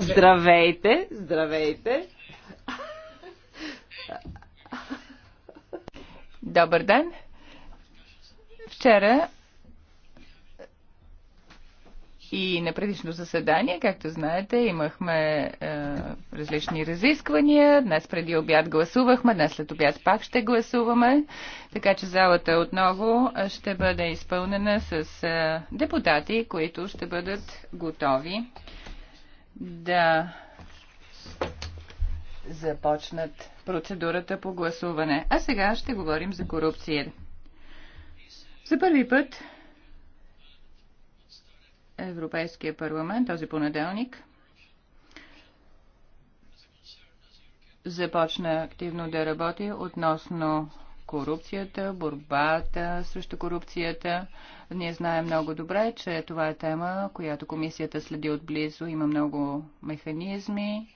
Здравейте, здравейте. Добър ден. Вчера и на предишно заседание, както знаете, имахме е, различни разисквания. Днес преди обяд гласувахме, днес след обяд пак ще гласуваме. Така че залата отново ще бъде изпълнена с е, депутати, които ще бъдат готови да започнат процедурата по гласуване. А сега ще говорим за корупция. За първи път Европейския парламент този понеделник започна активно да работи относно корупцията, борбата срещу корупцията. Ние знаем много добре, че това е тема, която комисията следи отблизо. Има много механизми,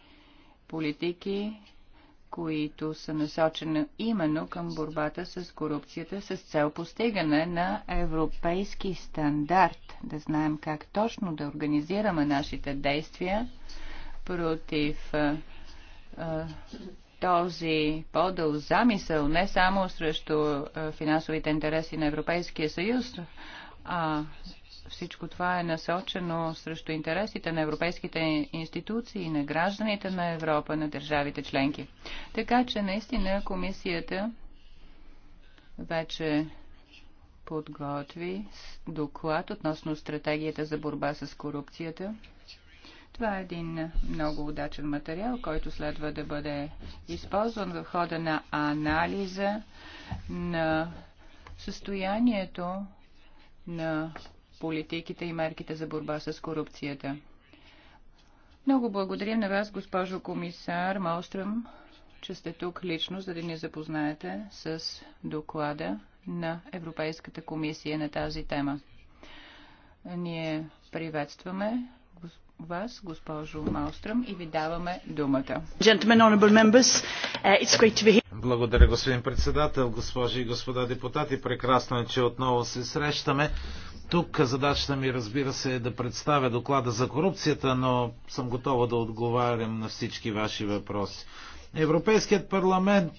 политики, които са насочени именно към борбата с корупцията с цел постигане на европейски стандарт, да знаем как точно да организираме нашите действия против а, а, този подъл замисъл не само срещу а, финансовите интереси на Европейския съюз, а всичко това е насочено срещу интересите на европейските институции, на гражданите на Европа, на държавите членки. Така че наистина комисията вече подготви доклад относно стратегията за борба с корупцията. Това е един много удачен материал, който следва да бъде използван в хода на анализа на състоянието на политиките и мерките за борба с корупцията. Много благодарим на вас, госпожо комисар Малстръм, че сте тук лично, за да ни запознаете с доклада на Европейската комисия на тази тема. Ние приветстваме вас, госпожо Малстръм, и ви даваме думата. Uh, благодаря, господин председател, госпожи и господа депутати. Прекрасно е, че отново се срещаме. Тук задачата ми, разбира се, е да представя доклада за корупцията, но съм готова да отговарям на всички ваши въпроси. Европейският парламент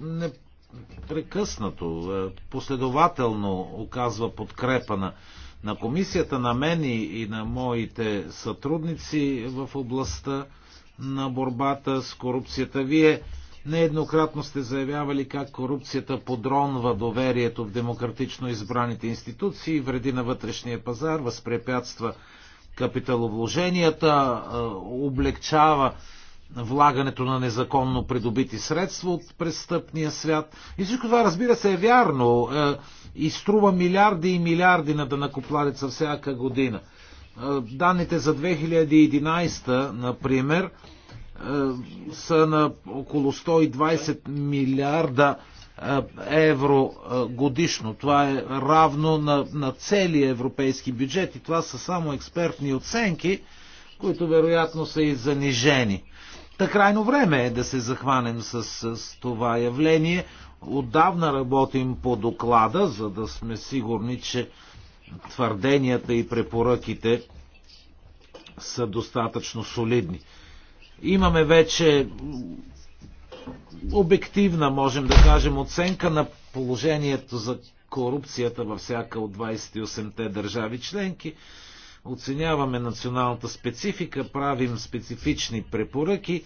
непрекъснато, последователно оказва подкрепа на, на комисията, на мен и на моите сътрудници в областта на борбата с корупцията. Вие Нееднократно сте заявявали как корупцията подронва доверието в демократично избраните институции, вреди на вътрешния пазар, възпрепятства капиталовложенията, облегчава влагането на незаконно придобити средства от престъпния свят. И всичко това, разбира се, е вярно е, и струва милиарди и милиарди на дънакопларица всяка година. Е, данните за 2011, например, е, са на около 120 милиарда е, евро е, годишно. Това е равно на, на целия европейски бюджет и това са само експертни оценки, които вероятно са и занижени. Та крайно време е да се захванем с, с това явление. Отдавна работим по доклада, за да сме сигурни, че твърденията и препоръките са достатъчно солидни. Имаме вече обективна, можем да кажем, оценка на положението за корупцията във всяка от 28-те държави членки. Оценяваме националната специфика, правим специфични препоръки.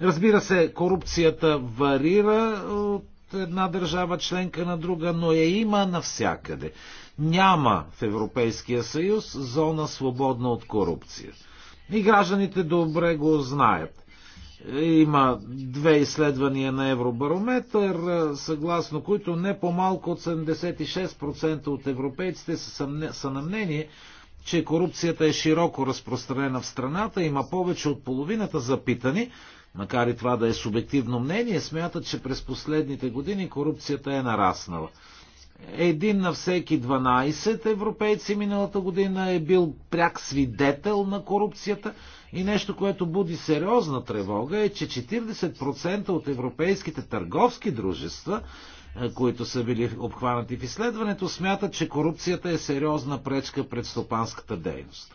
Разбира се, корупцията варира от една държава членка на друга, но я има навсякъде. Няма в Европейския съюз зона свободна от корупция. И гражданите добре го знаят. Има две изследвания на Евробарометър, съгласно които не по-малко от 76% от европейците са на мнение, че корупцията е широко разпространена в страната, има повече от половината запитани, макар и това да е субективно мнение, смятат, че през последните години корупцията е нараснала един на всеки 12 европейци миналата година е бил пряк свидетел на корупцията. И нещо, което буди сериозна тревога е, че 40% от европейските търговски дружества, е, които са били обхванати в изследването, смятат, че корупцията е сериозна пречка пред стопанската дейност.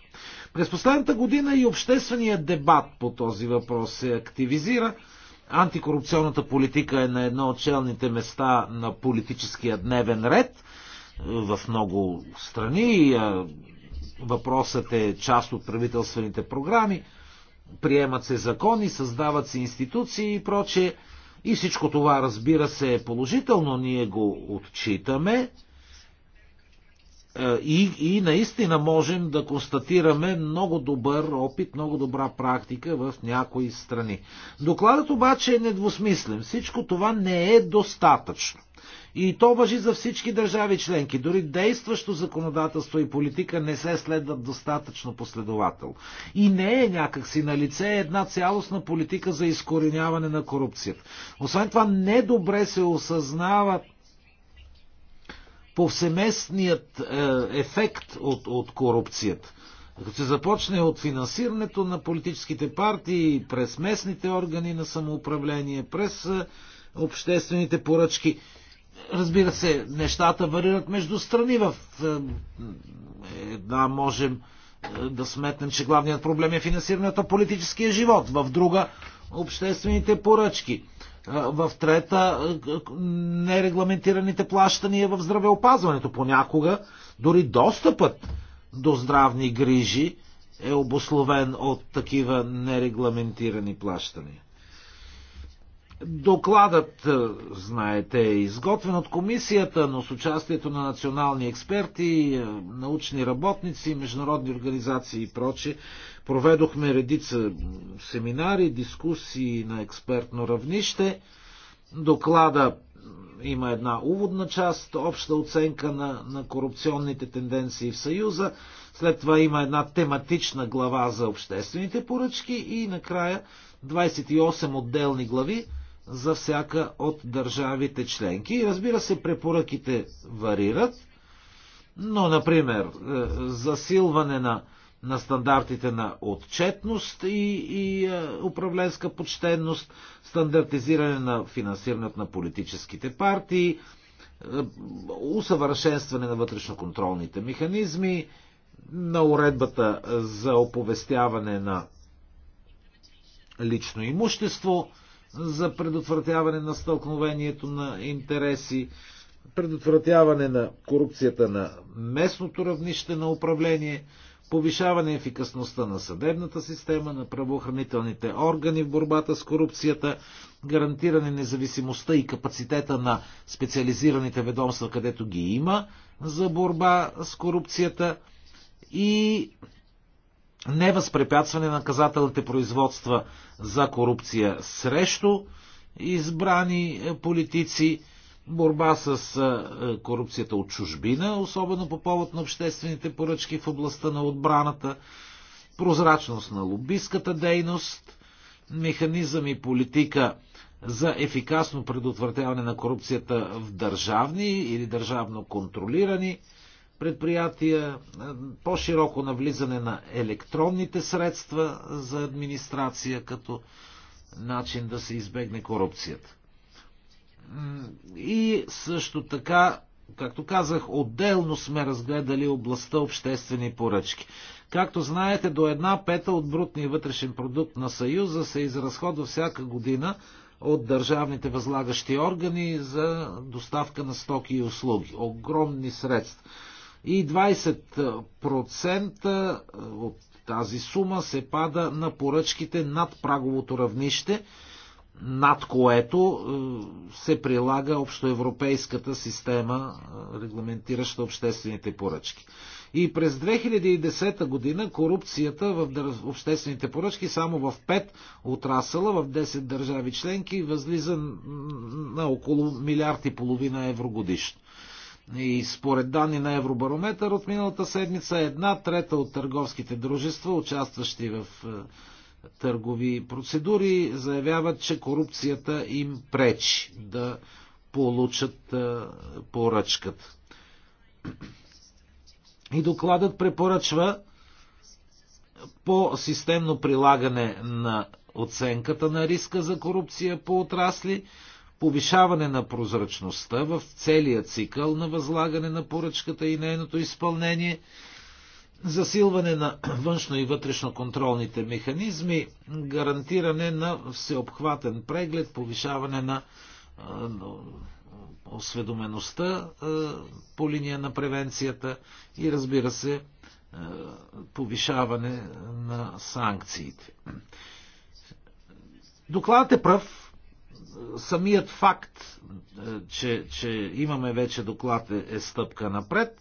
През последната година и общественият дебат по този въпрос се активизира. Антикорупционната политика е на едно от челните места на политическия дневен ред е, в много страни. Е, въпросът е част от правителствените програми. Приемат се закони, създават се институции и прочее. И всичко това, разбира се, е положително. Ние го отчитаме е, и, и наистина можем да констатираме много добър опит, много добра практика в някои страни. Докладът обаче е недвусмислен. Всичко това не е достатъчно. И то въжи за всички държави членки. Дори действащо законодателство и политика не се следват достатъчно последователно. И не е някакси на лице една цялостна политика за изкореняване на корупцията. Освен това, недобре се осъзнават повсеместният е, ефект от, от корупцията. Като се започне от финансирането на политическите партии, през местните органи на самоуправление, през е, обществените поръчки. Разбира се, нещата варират между страни. В е, една можем да сметнем, че главният проблем е финансирането на политическия живот, в друга обществените поръчки в трета нерегламентираните плащания в здравеопазването. Понякога дори достъпът до здравни грижи е обословен от такива нерегламентирани плащания. Докладът, знаете, е изготвен от комисията, но с участието на национални експерти, научни работници, международни организации и проче. Проведохме редица семинари, дискусии на експертно равнище. Доклада има една уводна част, обща оценка на, на корупционните тенденции в Съюза. След това има една тематична глава за обществените поръчки и накрая 28 отделни глави за всяка от държавите членки. Разбира се, препоръките варират, но, например, е, засилване на на стандартите на отчетност и, и е, управленска почтенност, стандартизиране на финансирането на политическите партии, е, усъвършенстване на вътрешноконтролните механизми, на уредбата за оповестяване на лично имущество, за предотвратяване на стълкновението на интереси, предотвратяване на корупцията на местното равнище на управление – повишаване ефикасността на съдебната система, на правоохранителните органи в борбата с корупцията, гарантиране независимостта и капацитета на специализираните ведомства, където ги има за борба с корупцията и невъзпрепятстване на наказателните производства за корупция срещу избрани политици борба с корупцията от чужбина, особено по повод на обществените поръчки в областта на отбраната, прозрачност на лобистката дейност, механизъм и политика за ефикасно предотвратяване на корупцията в държавни или държавно контролирани предприятия, по-широко навлизане на електронните средства за администрация като начин да се избегне корупцията. И също така, както казах, отделно сме разгледали областта обществени поръчки. Както знаете, до една пета от брутния вътрешен продукт на Съюза се изразходва всяка година от държавните възлагащи органи за доставка на стоки и услуги. Огромни средства. И 20% от тази сума се пада на поръчките над праговото равнище – над което е, се прилага общоевропейската система, е, регламентираща обществените поръчки. И през 2010 година корупцията в обществените поръчки само в 5 отрасъла, в 10 държави членки, възлиза на около милиард и половина евро годишно. И според данни на Евробарометър от миналата седмица, една трета от търговските дружества, участващи в е, търгови процедури, заявяват, че корупцията им пречи да получат поръчката. И докладът препоръчва по-системно прилагане на оценката на риска за корупция по отрасли, повишаване на прозрачността в целия цикъл на възлагане на поръчката и нейното изпълнение – засилване на външно и вътрешно контролните механизми, гарантиране на всеобхватен преглед, повишаване на осведомеността по линия на превенцията и разбира се повишаване на санкциите. Докладът е прав. Самият факт, че, че имаме вече доклад е, е стъпка напред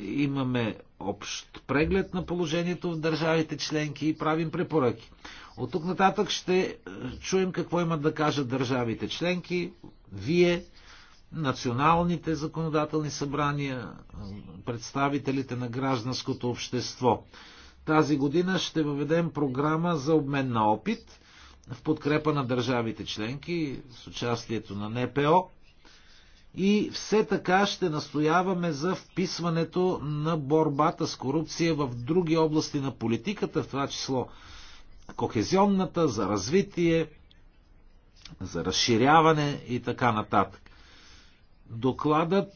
имаме общ преглед на положението в държавите членки и правим препоръки. От тук нататък ще е, чуем какво имат да кажат държавите членки, вие, националните законодателни събрания, е, представителите на гражданското общество. Тази година ще въведем програма за обмен на опит в подкрепа на държавите членки с участието на НПО и все така ще настояваме за вписването на борбата с корупция в други области на политиката, в това число кохезионната, за развитие, за разширяване и така нататък. Докладът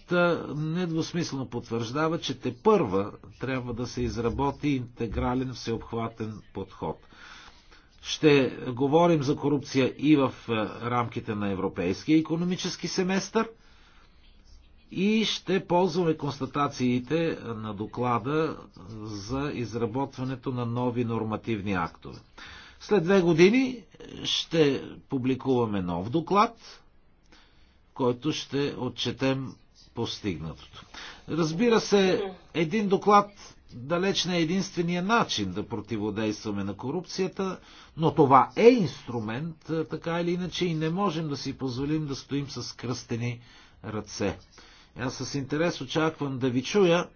недвусмислено потвърждава, че те първа трябва да се изработи интегрален всеобхватен подход. Ще говорим за корупция и в рамките на Европейския економически семестър – и ще ползваме констатациите на доклада за изработването на нови нормативни актове. След две години ще публикуваме нов доклад, който ще отчетем постигнатото. Разбира се, един доклад далеч не е единствения начин да противодействаме на корупцията, но това е инструмент, така или иначе, и не можем да си позволим да стоим с кръстени ръце. Аз с интерес очаквам да ви чуя,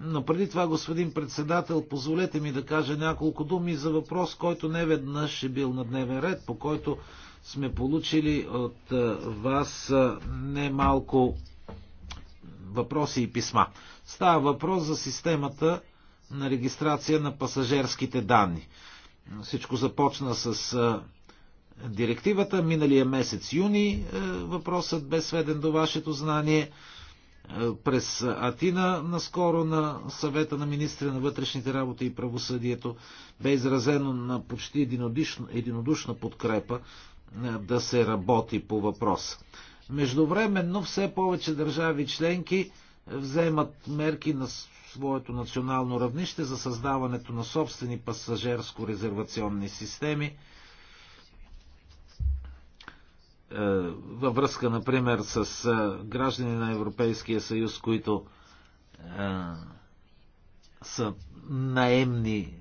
но преди това, господин председател, позволете ми да кажа няколко думи за въпрос, който не веднъж е бил на дневен ред, по който сме получили от вас немалко въпроси и писма. Става въпрос за системата на регистрация на пасажерските данни. Всичко започна с директивата. Миналия месец юни е, въпросът бе сведен до вашето знание е, през Атина наскоро на съвета на министри на вътрешните работи и правосъдието бе изразено на почти единодушна, единодушна подкрепа е, да се работи по въпроса. Междувременно все повече държави членки вземат мерки на своето национално равнище за създаването на собствени пасажерско-резервационни системи, е, във връзка, например, с е, граждани на Европейския съюз, които е, са наемни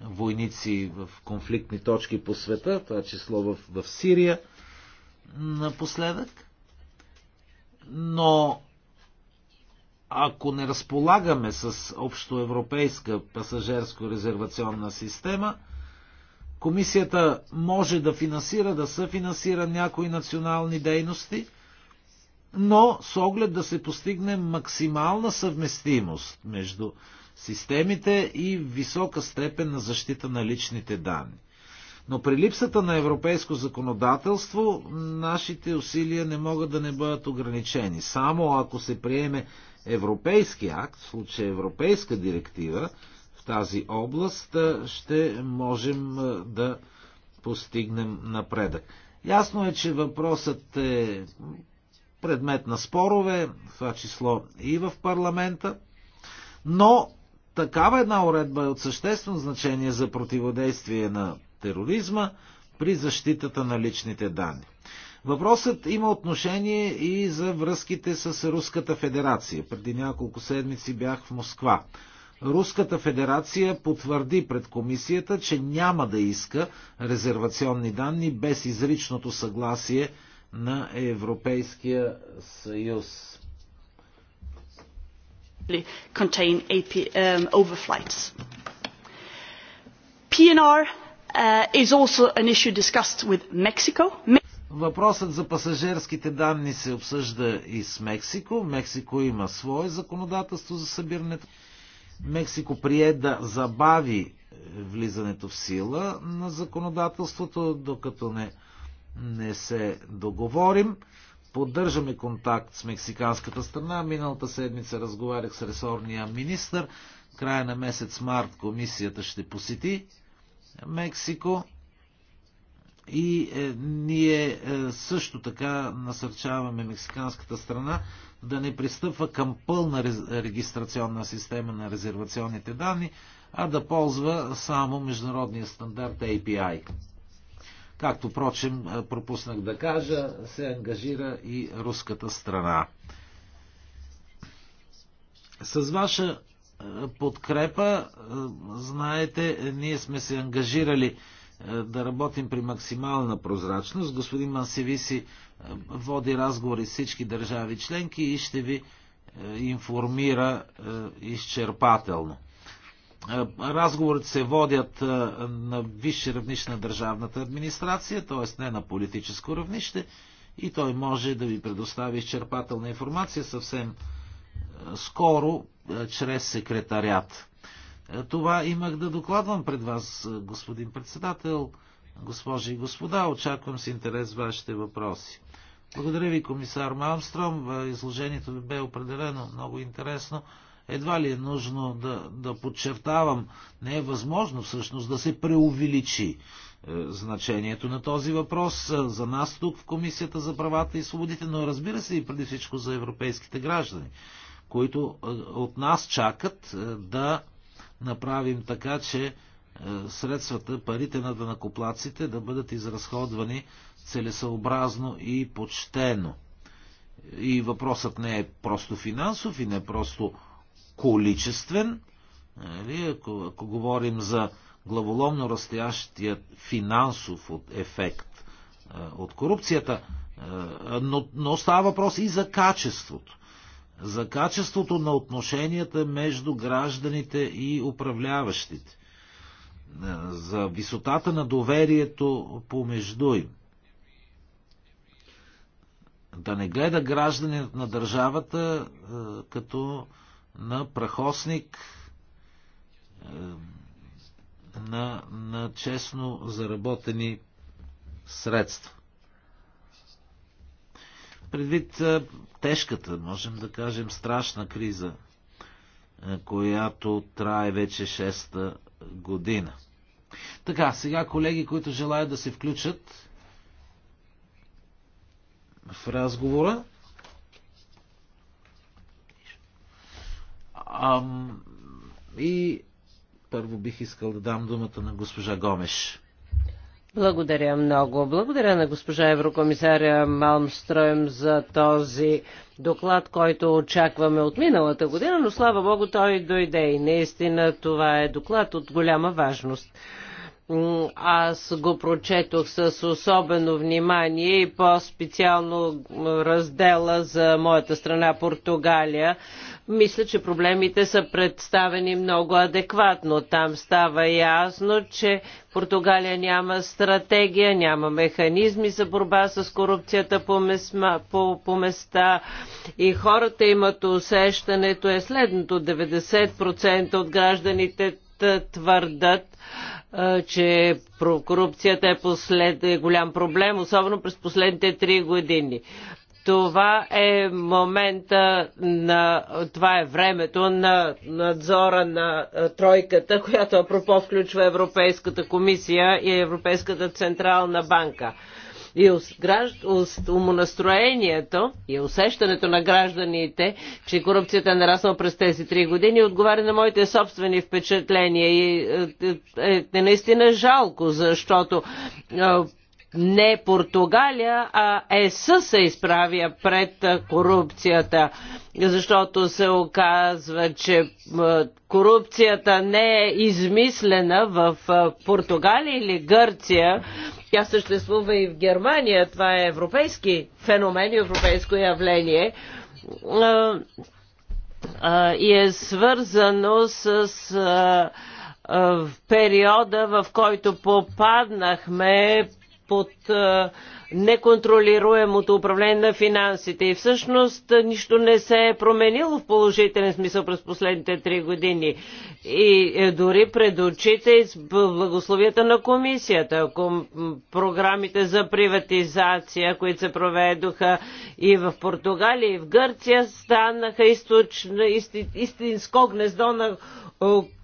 войници в конфликтни точки по света, това число в, в Сирия напоследък. Но ако не разполагаме с общоевропейска пасажерско резервационна система, Комисията може да финансира, да съфинансира някои национални дейности, но с оглед да се постигне максимална съвместимост между системите и висока степен на защита на личните данни. Но при липсата на европейско законодателство, нашите усилия не могат да не бъдат ограничени. Само ако се приеме европейски акт, в случая европейска директива, в тази област, ще можем да постигнем напредък. Ясно е, че въпросът е предмет на спорове, в това число и в парламента, но такава една уредба е от съществено значение за противодействие на тероризма при защитата на личните данни. Въпросът има отношение и за връзките с Руската федерация. Преди няколко седмици бях в Москва. Руската федерация потвърди пред комисията, че няма да иска резервационни данни без изричното съгласие на Европейския съюз. Contain AP, um, overflights. PNR uh, is also an issue discussed with Mexico. Въпросът за пасажирските данни се обсъжда и с Мексико. Мексико има свое законодателство за събирането. Мексико прие да забави влизането в сила на законодателството, докато не, не се договорим. Поддържаме контакт с мексиканската страна. Миналата седмица разговарях с ресорния министр. Края на месец март комисията ще посети Мексико. И е, ние е, също така насърчаваме мексиканската страна да не пристъпва към пълна регистрационна система на резервационните данни, а да ползва само международния стандарт API. Както, прочим, е, пропуснах да кажа, се ангажира и руската страна. С ваша е, подкрепа, е, знаете, ние сме се ангажирали е, да работим при максимална прозрачност. Господин Мансевиси е, води разговори с всички държави членки и ще ви е, информира изчерпателно. Разговорите се водят на висше равнище на държавната администрация, т.е. не на политическо равнище, и той може да ви предостави изчерпателна информация съвсем скоро чрез секретарят. Това имах да докладвам пред вас, господин председател, госпожи и господа. Очаквам с интерес вашите въпроси. Благодаря ви, комисар Малмстром. Изложението ви бе определено много интересно. Едва ли е нужно да, да подчертавам, не е възможно всъщност да се преувеличи е, значението на този въпрос е, за нас тук в Комисията за правата и свободите, но разбира се и преди всичко за европейските граждани, които е, от нас чакат да направим така, че е, средствата, парите на данакоплаците да бъдат изразходвани целесъобразно и почтено. И въпросът не е просто финансов и не е просто количествен. Нали, ако, ако говорим за главоломно растящия финансов ефект е, от корупцията, е, но, но става въпрос и за качеството за качеството на отношенията между гражданите и управляващите, е, за висотата на доверието помежду им. Да не гледа гражданинът на държавата е, като на прахосник е, на, на честно заработени средства. Предвид тежката, можем да кажем, страшна криза, която трае вече 6-та година. Така, сега колеги, които желаят да се включат в разговора. Ам, и първо бих искал да дам думата на госпожа Гомеш. Благодаря много. Благодаря на госпожа Еврокомисаря Малмстроем за този доклад, който очакваме от миналата година, но слава Богу той дойде и наистина това е доклад от голяма важност аз го прочетох с особено внимание и по-специално раздела за моята страна Португалия, мисля, че проблемите са представени много адекватно. Там става ясно, че Португалия няма стратегия, няма механизми за борба с корупцията по, месма, по, по места и хората имат усещането е следното. 90% от гражданите твърдат, че корупцията е послед, е голям проблем, особено през последните три години. Това е момента на, това е времето на надзора на тройката, която апропо включва Европейската комисия и Европейската централна банка и умонастроението и усещането на гражданите, че корупцията е нараснала през тези три години, отговаря на моите собствени впечатления. И е, е, е наистина жалко, защото е, не Португалия, а ЕС се изправя пред корупцията, защото се оказва, че корупцията не е измислена в Португалия или Гърция, тя съществува и в Германия, това е европейски феномен, и европейско явление и е свързано с в периода, в който попаднахме под неконтролируемото управление на финансите. И всъщност нищо не се е променило в положителен смисъл през последните три години. И е, дори пред очите благословията на комисията, програмите за приватизация, които се проведоха и в Португалия, и в Гърция, станаха истинско гнездо на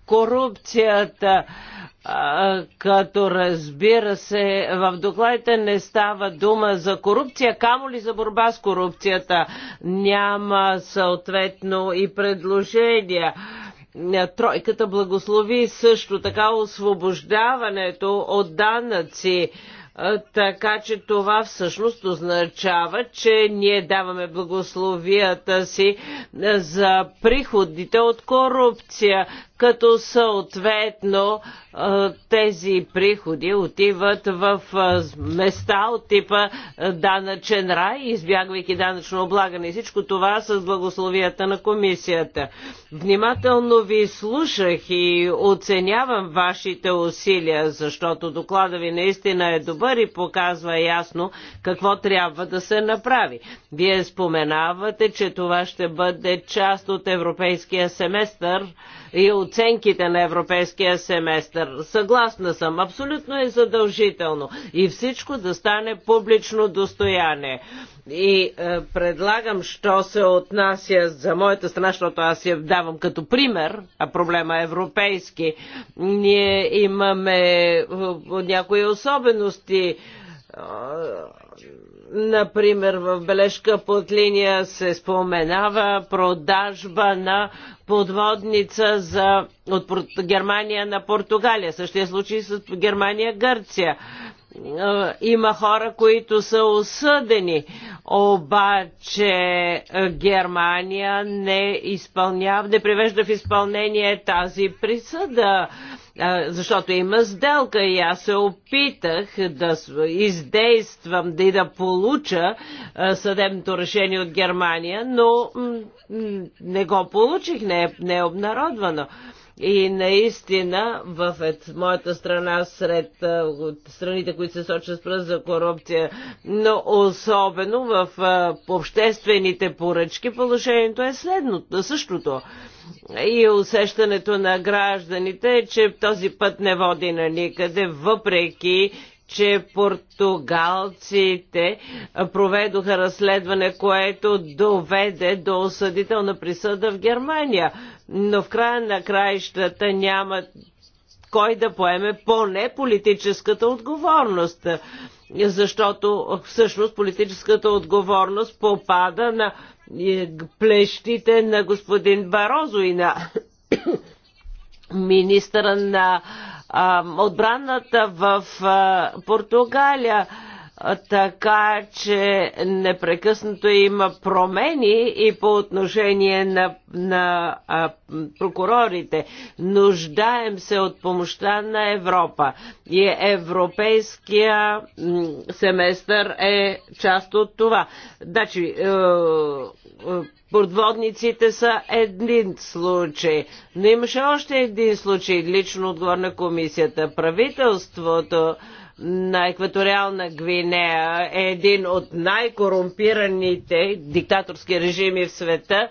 корупцията, като разбира се, в докладите не става дума за корупция, камо ли за борба с корупцията. Няма съответно и предложения. Тройката благослови също така освобождаването от данъци. Така че това всъщност означава, че ние даваме благословията си за приходите от корупция като съответно тези приходи отиват в места от типа данъчен рай, избягвайки данъчно облагане. И всичко това с благословията на комисията. Внимателно ви слушах и оценявам вашите усилия, защото доклада ви наистина е добър и показва ясно какво трябва да се направи. Вие споменавате, че това ще бъде част от европейския семестър, и оценките на европейския семестър. Съгласна съм, абсолютно е задължително и всичко да стане публично достояние. И е, предлагам, що се отнася за моята страна, защото аз я давам като пример, а проблема е европейски. Ние имаме е, някои особености Например, в бележка под линия се споменава продажба на подводница за, от Германия на Португалия. Същия случай с Германия-Гърция. Е, има хора, които са осъдени, обаче е, Германия не изпълнява, не привежда в изпълнение тази присъда е, защото има сделка и аз се опитах да издействам да и да получа съдебното решение от Германия, но не го получих, не е, не е обнародвано. И наистина в моята страна сред страните, които се сочат с пръст за корупция, но особено в обществените поръчки положението е следното, същото. И усещането на гражданите е, че този път не води на никъде, въпреки че португалците проведоха разследване, което доведе до осъдителна присъда в Германия но в края на краищата няма кой да поеме поне политическата отговорност. Защото всъщност политическата отговорност попада на е, плещите на господин Барозо и на министъра на а, отбраната в а, Португалия така че непрекъснато има промени и по отношение на, на а, прокурорите. Нуждаем се от помощта на Европа и европейския семестър е част от това. Значи, е, е, Подводниците са един случай, но имаше още един случай, лично отговор на комисията. Правителството на екваториална Гвинея е един от най-корумпираните диктаторски режими в света,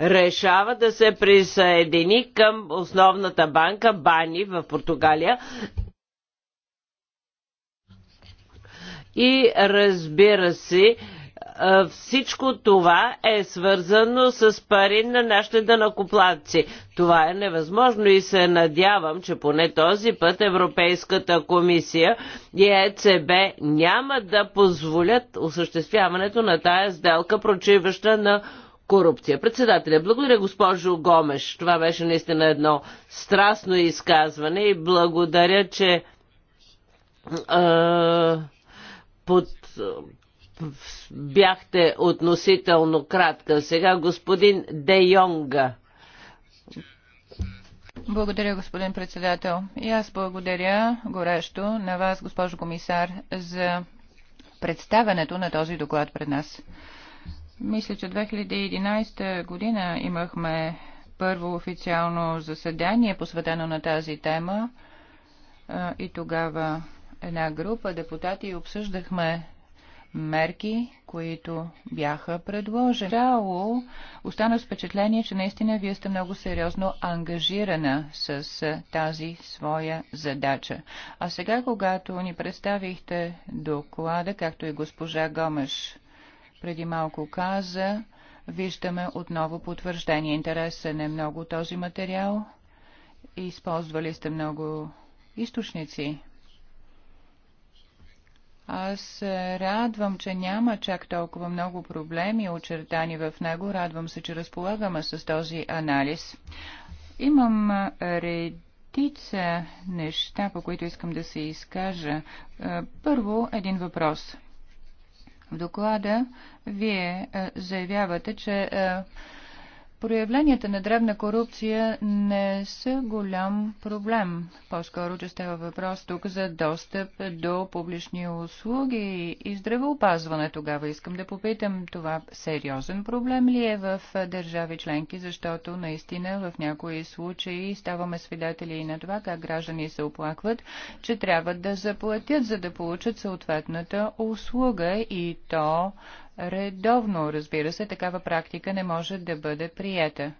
решава да се присъедини към основната банка Бани в Португалия. И разбира се, всичко това е свързано с пари на нашите данакоплатци. Това е невъзможно и се надявам, че поне този път Европейската комисия и ЕЦБ няма да позволят осъществяването на тая сделка, прочиваща на корупция. Председателя, благодаря госпожо Гомеш. Това беше наистина едно страстно изказване и благодаря, че е, под, бяхте относително кратка. Сега господин Де Йонга. Благодаря, господин председател. И аз благодаря горещо на вас, госпожо комисар, за представянето на този доклад пред нас. Мисля, че 2011 година имахме първо официално заседание, посветено на тази тема. И тогава една група депутати обсъждахме мерки, които бяха предложени. Тряло остана с впечатление, че наистина вие сте много сериозно ангажирана с тази своя задача. А сега, когато ни представихте доклада, както и госпожа Гомеш преди малко каза, виждаме отново потвърждение. Интересен е много този материал. Използвали сте много източници. Аз се радвам, че няма чак толкова много проблеми очертани в него. Радвам се, че разполагаме с този анализ. Имам редица неща, по които искам да се изкажа. Първо, един въпрос. В доклада вие заявявате, че Проявленията на древна корупция не са голям проблем. По-скоро, че става въпрос тук за достъп до публични услуги и здравеопазване. Тогава искам да попитам, това сериозен проблем ли е в държави членки, защото наистина в някои случаи ставаме свидетели и на това, как граждани се оплакват, че трябва да заплатят, за да получат съответната услуга и то редовно. Разбира се, такава практика не може да бъде приета.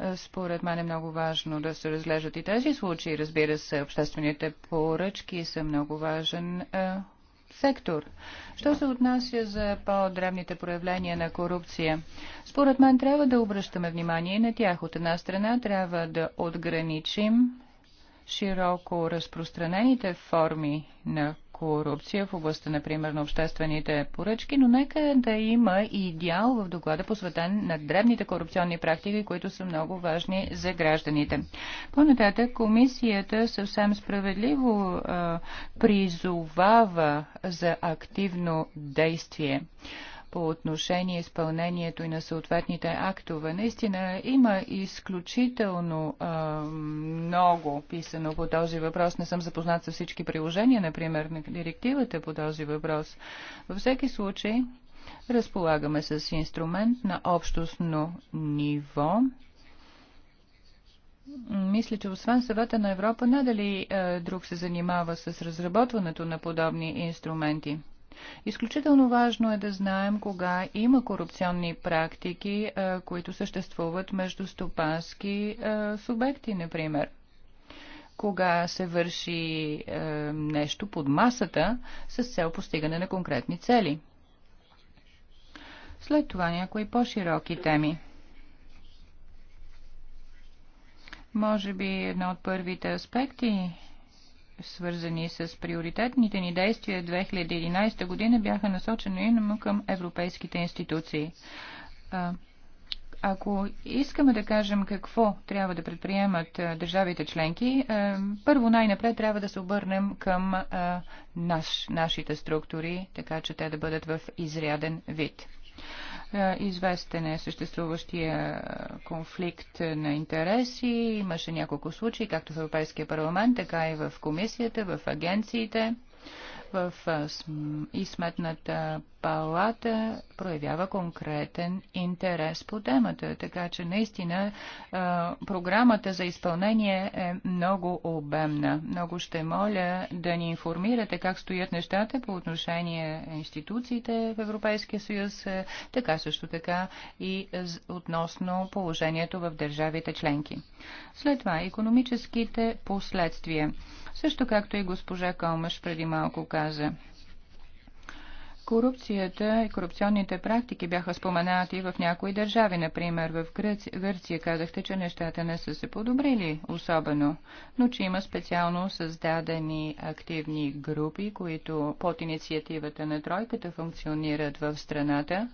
Е, според мен е много важно да се разглеждат и тези случаи. Разбира се, обществените поръчки са много важен е, сектор. Що се отнася за по-древните проявления на корупция? Според мен трябва да обръщаме внимание на тях. От една страна трябва да отграничим широко разпространените форми на корупция в областта, например, на обществените поръчки, но нека да има и идеал в доклада посветен на древните корупционни практики, които са много важни за гражданите. По-нататък комисията съвсем справедливо а, призовава за активно действие по отношение изпълнението и на съответните актове. Наистина има изключително а, много писано по този въпрос. Не съм запознат с всички приложения, например, на директивата по този въпрос. Във всеки случай, разполагаме с инструмент на общностно ниво. Мисля, че освен съвета на Европа, надали друг се занимава с разработването на подобни инструменти. Изключително важно е да знаем кога има корупционни практики, които съществуват между стопански субекти, например кога се върши нещо под масата с цел постигане на конкретни цели. След това някои по-широки теми. Може би едно от първите аспекти свързани с приоритетните ни действия 2011 година, бяха насочени именно към европейските институции. Ако искаме да кажем какво трябва да предприемат държавите членки, първо най-напред трябва да се обърнем към наш, нашите структури, така че те да бъдат в изряден вид. Е, известен е съществуващия е, конфликт на интереси. Имаше няколко случаи, както в Европейския парламент, така и в комисията, в агенциите в и сметната палата проявява конкретен интерес по темата. Така че наистина програмата за изпълнение е много обемна. Много ще моля да ни информирате как стоят нещата по отношение институциите в Европейския съюз, така също така и относно положението в държавите членки. След това, економическите последствия също както и госпожа Калмаш преди малко каза. Корупцията и корупционните практики бяха споменати в някои държави. Например, в Гърция казахте, че нещата не са се подобрили особено, но че има специално създадени активни групи, които под инициативата на тройката функционират в страната.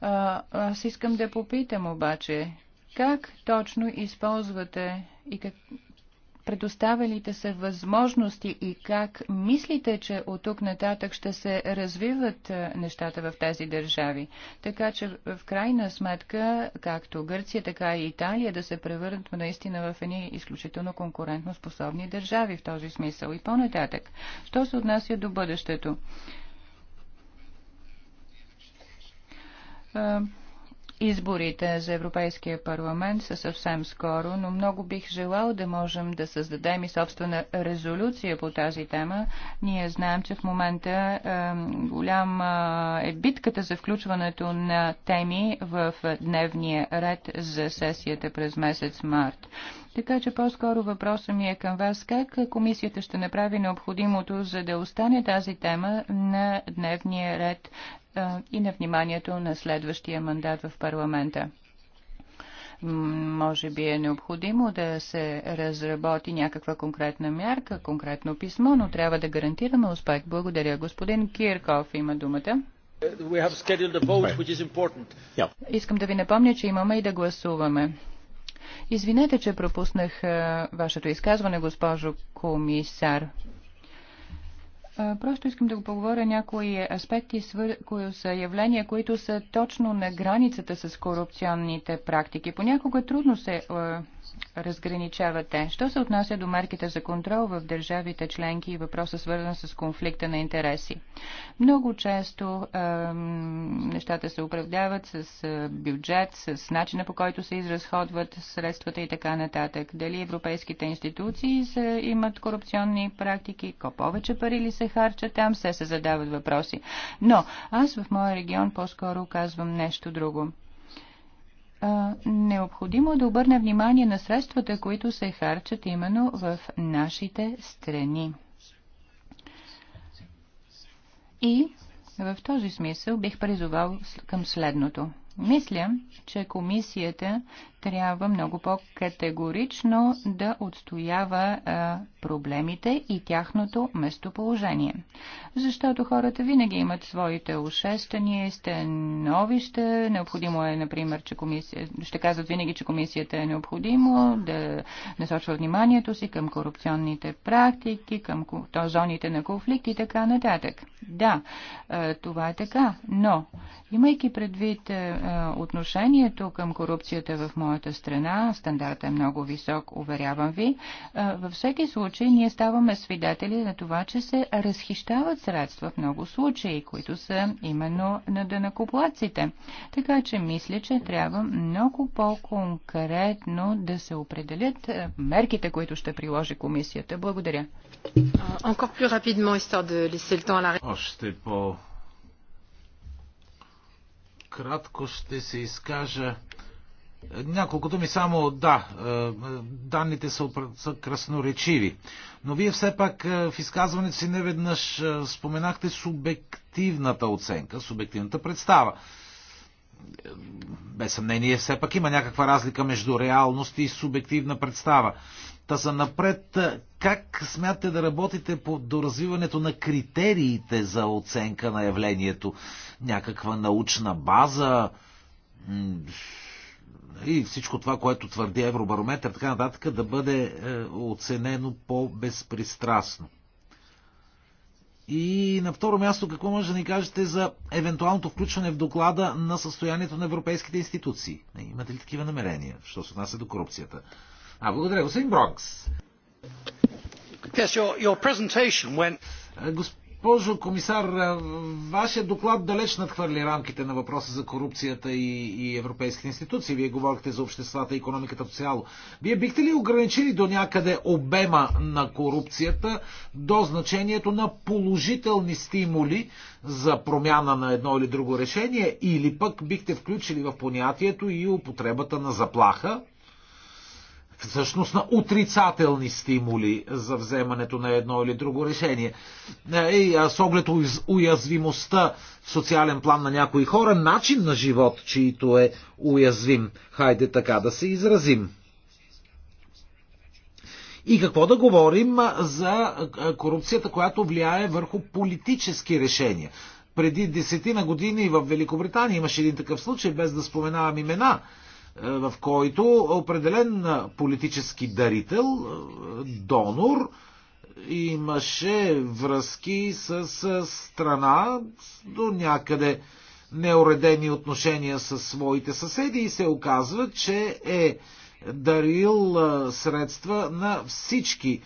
А, аз искам да попитам обаче, как точно използвате и как, предоставилите се възможности и как мислите, че от тук нататък ще се развиват е, нещата в тези държави. Така че в крайна сметка, както Гърция, така и Италия да се превърнат наистина в едни изключително конкурентно способни държави в този смисъл. И по-нататък, що се отнася до бъдещето? Е, Изборите за Европейския парламент са съвсем скоро, но много бих желал да можем да създадем и собствена резолюция по тази тема. Ние знаем, че в момента е, голяма е битката за включването на теми в дневния ред за сесията през месец март. Така че по-скоро въпросът ми е към вас. Как комисията ще направи необходимото, за да остане тази тема на дневния ред и на вниманието на следващия мандат в парламента може би е необходимо да се разработи някаква конкретна мярка, конкретно писмо, но трябва да гарантираме успех. Благодаря. Господин Кирков има думата. Vote, yeah. Искам да ви напомня, че имаме и да гласуваме. Извинете, че пропуснах вашето изказване, госпожо комисар. Просто искам да го поговоря някои аспекти, кои са явления, които са точно на границата с корупционните практики. Понякога трудно се разграничавате. Що се отнася до мерките за контрол в държавите членки и въпроса свързан с конфликта на интереси? Много често е, нещата се оправдават с бюджет, с начина по който се изразходват средствата и така нататък. Дали европейските институции са, имат корупционни практики, ко повече пари ли се харчат там, се се задават въпроси. Но аз в моя регион по-скоро казвам нещо друго а, необходимо е да обърне внимание на средствата, които се харчат именно в нашите страни. И в този смисъл бих призовал към следното. Мисля, че комисията трябва много по-категорично да отстоява а, проблемите и тяхното местоположение. Защото хората винаги имат своите ушествания, становища. Необходимо е, например, че комисия... ще казват винаги, че комисията е необходимо да насочва вниманието си към корупционните практики, към зоните на конфликт и така нататък. Да, това е така, но имайки предвид отношението към корупцията в моята страна. Стандартът е много висок, уверявам ви. Във всеки случай ние ставаме свидетели на това, че се разхищават средства в много случаи, които са именно на дънакоплаците. Така че мисля, че трябва много по-конкретно да се определят мерките, които ще приложи комисията. Благодаря. Още по кратко ще се изкажа няколко думи само, да, е, данните са, са красноречиви. Но вие все пак е, в изказването си неведнъж е, споменахте субективната оценка, субективната представа. Без съмнение, все пак има някаква разлика между реалност и субективна представа. Та за напред, как смятате да работите по доразвиването на критериите за оценка на явлението? Някаква научна база? и всичко това, което твърди Евробарометър, така нататък, да бъде е, оценено по-безпристрастно. И на второ място, какво може да ни кажете за евентуалното включване в доклада на състоянието на европейските институции? Имате ли такива намерения, що се отнася до корупцията? А, благодаря, господин Бронкс. Yes, your, your went... Е, госп... Госпожо комисар, вашия доклад далеч надхвърли рамките на въпроса за корупцията и, и европейските институции. Вие говорихте за обществата и економиката в цяло. Вие бихте ли ограничили до някъде обема на корупцията до значението на положителни стимули за промяна на едно или друго решение или пък бихте включили в понятието и употребата на заплаха, всъщност на отрицателни стимули за вземането на едно или друго решение. Е, и с оглед уязвимостта в социален план на някои хора, начин на живот, чието е уязвим. Хайде така да се изразим. И какво да говорим за корупцията, която влияе върху политически решения. Преди десетина години в Великобритания имаше един такъв случай, без да споменавам имена. Е, в който определен политически дарител, е, донор, имаше връзки с е, страна до някъде неуредени отношения с своите съседи и се оказва, че е дарил средства на всички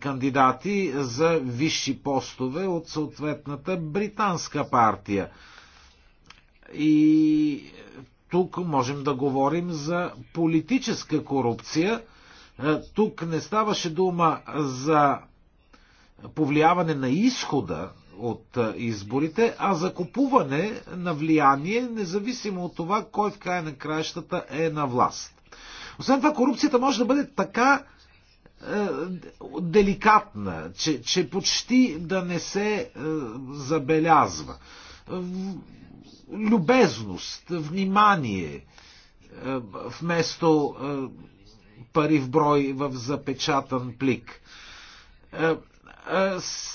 кандидати за висши постове от съответната британска партия. И тук можем да говорим за политическа корупция. Е, тук не ставаше дума за повлияване на изхода от е, изборите, а за купуване на влияние, независимо от това, кой в края на краищата е на власт. Освен това, корупцията може да бъде така е, деликатна, че, че почти да не се е, забелязва любезност, внимание, е, вместо е, пари в брой в запечатан плик. Е,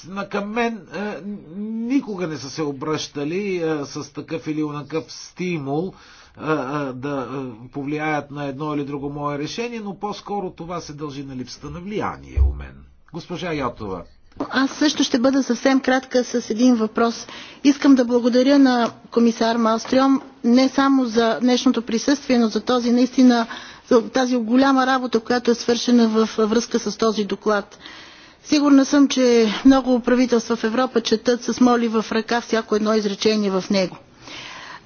на към мен никога не са се обръщали с такъв или онакъв стимул да повлияят на едно или друго мое решение, но по-скоро това се дължи на липсата на влияние у мен. Госпожа Ятова. Аз също ще бъда съвсем кратка с един въпрос. Искам да благодаря на комисар Малстрём не само за днешното присъствие, но за този наистина за тази голяма работа, която е свършена във връзка с този доклад. Сигурна съм, че много правителства в Европа четат с моли в ръка всяко едно изречение в него.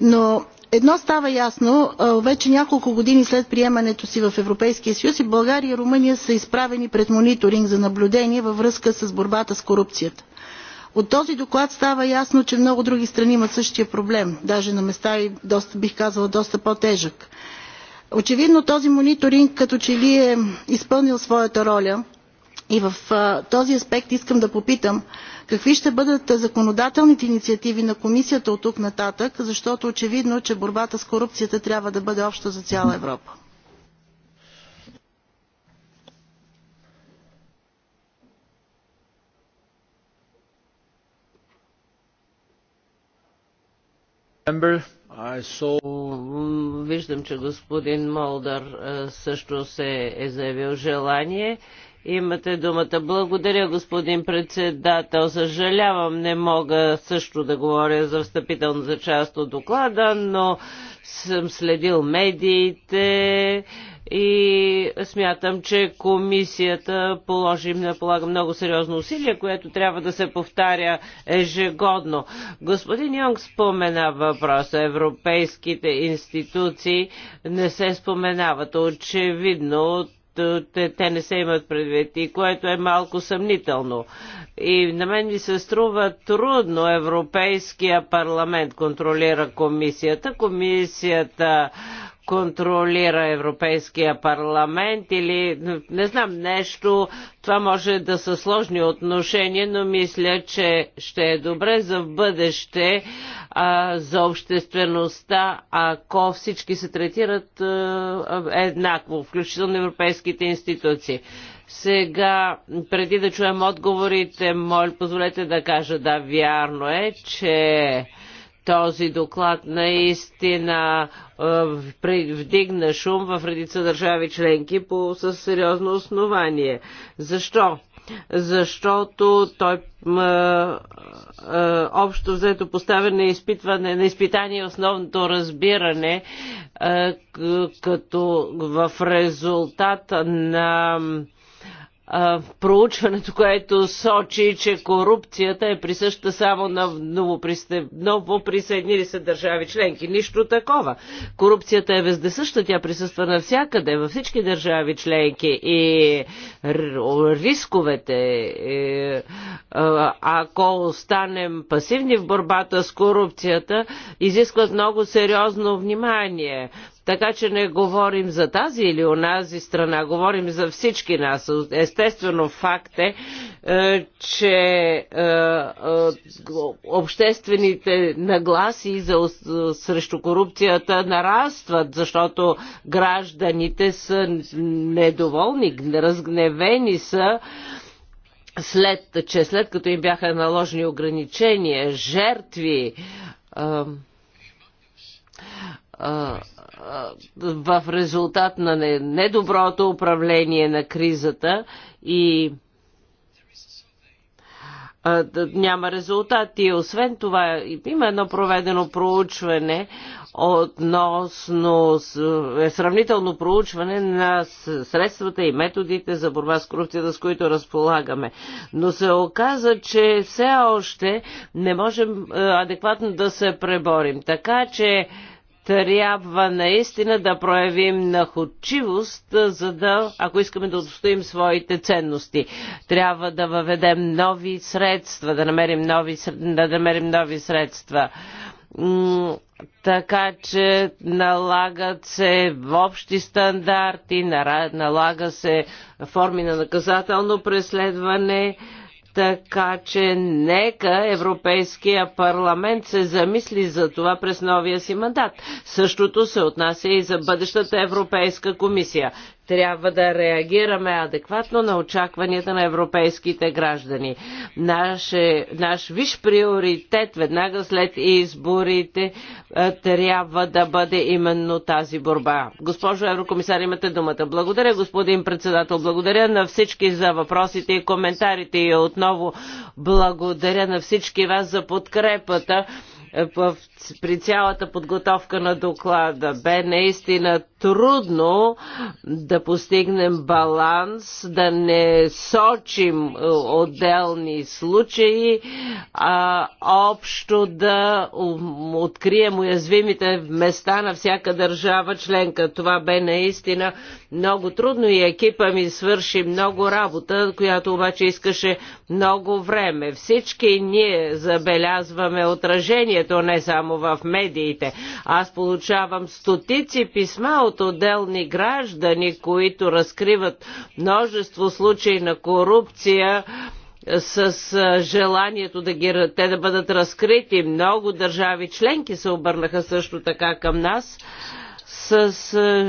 Но Едно става ясно, вече няколко години след приемането си в Европейския съюз и България и Румъния са изправени пред мониторинг за наблюдение във връзка с борбата с корупцията. От този доклад става ясно, че много други страни имат същия проблем, даже на места и доста, бих казала доста по-тежък. Очевидно този мониторинг като че ли е изпълнил своята роля и в този аспект искам да попитам какви ще бъдат законодателните инициативи на комисията от тук нататък защото очевидно че борбата с корупцията трябва да бъде обща за цяла европа. Виждам, че господин Молдър също се е заявил желание. Имате думата. Благодаря, господин председател. Съжалявам, не мога също да говоря за встъпителната част от доклада, но съм следил медиите и смятам, че комисията положи, полага много сериозно усилие, което трябва да се повтаря ежегодно. Господин Йонг спомена въпроса. Европейските институции не се споменават. Очевидно те, те не се имат предвид и което е малко съмнително. И на мен ми се струва трудно Европейския парламент контролира комисията. Комисията контролира Европейския парламент или не знам нещо. Това може да са сложни отношения, но мисля, че ще е добре за бъдеще а, за обществеността, ако всички се третират а, еднакво, включително европейските институции. Сега, преди да чуем отговорите, моля, позволете да кажа, да, вярно е, че този доклад наистина е, вдигна шум в редица държави членки по, с сериозно основание. Защо? защото той е, е, общо взето поставя на, изпитване, на изпитание основното разбиране, като в резултат на проучването, което сочи, че корупцията е присъща само на новоприсъединили се държави членки. Нищо такова. Корупцията е вездесъща, тя присъства навсякъде, във всички държави членки и рисковете, е, ако останем пасивни в борбата с корупцията, изискват много сериозно внимание. Така че не говорим за тази или онази страна, говорим за всички нас. Естествено факт е, е че е, е, обществените нагласи за, срещу корупцията нарастват, защото гражданите са недоволни, разгневени са след, че след като им бяха наложени ограничения, жертви, а, а, в резултат на недоброто управление на кризата и няма резултати. Освен това, има едно проведено проучване относно е сравнително проучване на средствата и методите за борба с корупцията, с които разполагаме. Но се оказа, че все още не можем е, адекватно да се преборим. Така че трябва наистина да проявим находчивост, за да, ако искаме да отстоим своите ценности. Трябва да въведем нови средства, да намерим нови, да намерим нови средства така че налагат се общи стандарти, налага се форми на наказателно преследване, така че нека Европейския парламент се замисли за това през новия си мандат. Същото се отнася и за бъдещата Европейска комисия трябва да реагираме адекватно на очакванията на европейските граждани. Наше, наш виш приоритет веднага след изборите е, трябва да бъде именно тази борба. Госпожо Еврокомисар, имате думата. Благодаря, господин председател. Благодаря на всички за въпросите и коментарите и отново благодаря на всички вас за подкрепата при цялата подготовка на доклада бе наистина трудно да постигнем баланс, да не сочим е, отделни случаи, а общо да открием уязвимите места на всяка държава членка. Това бе наистина много трудно и екипа ми свърши много работа, която обаче искаше много време. Всички ние забелязваме отражението не само в медиите. Аз получавам стотици писма от отделни граждани, които разкриват множество случаи на корупция с желанието да ги, те да бъдат разкрити. Много държави членки се обърнаха също така към нас с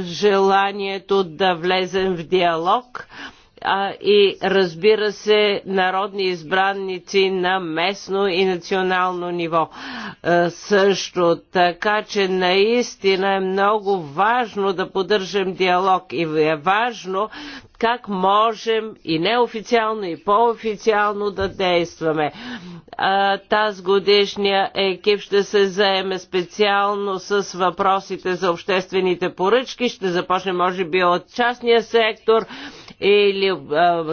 желанието да влезем в диалог а, и разбира се народни избранници на местно и национално ниво. също така, че наистина е много важно да поддържам диалог и е важно как можем и неофициално, и по-официално да действаме. Таз годишния екип ще се заеме специално с въпросите за обществените поръчки. Ще започне, може би, от частния сектор или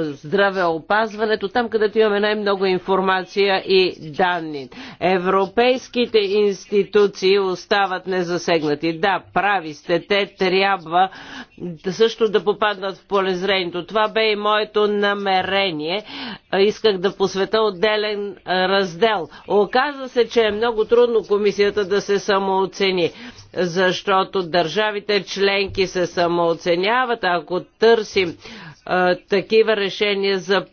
здравеопазването, там където имаме най-много информация и данни. Европейските институции остават незасегнати. Да, прави сте, те трябва също да попаднат в полезрение положението. Това бе и моето намерение. Исках да посвета отделен раздел. Оказва се, че е много трудно комисията да се самооцени, защото държавите членки се самооценяват. Ако търсим такива решения за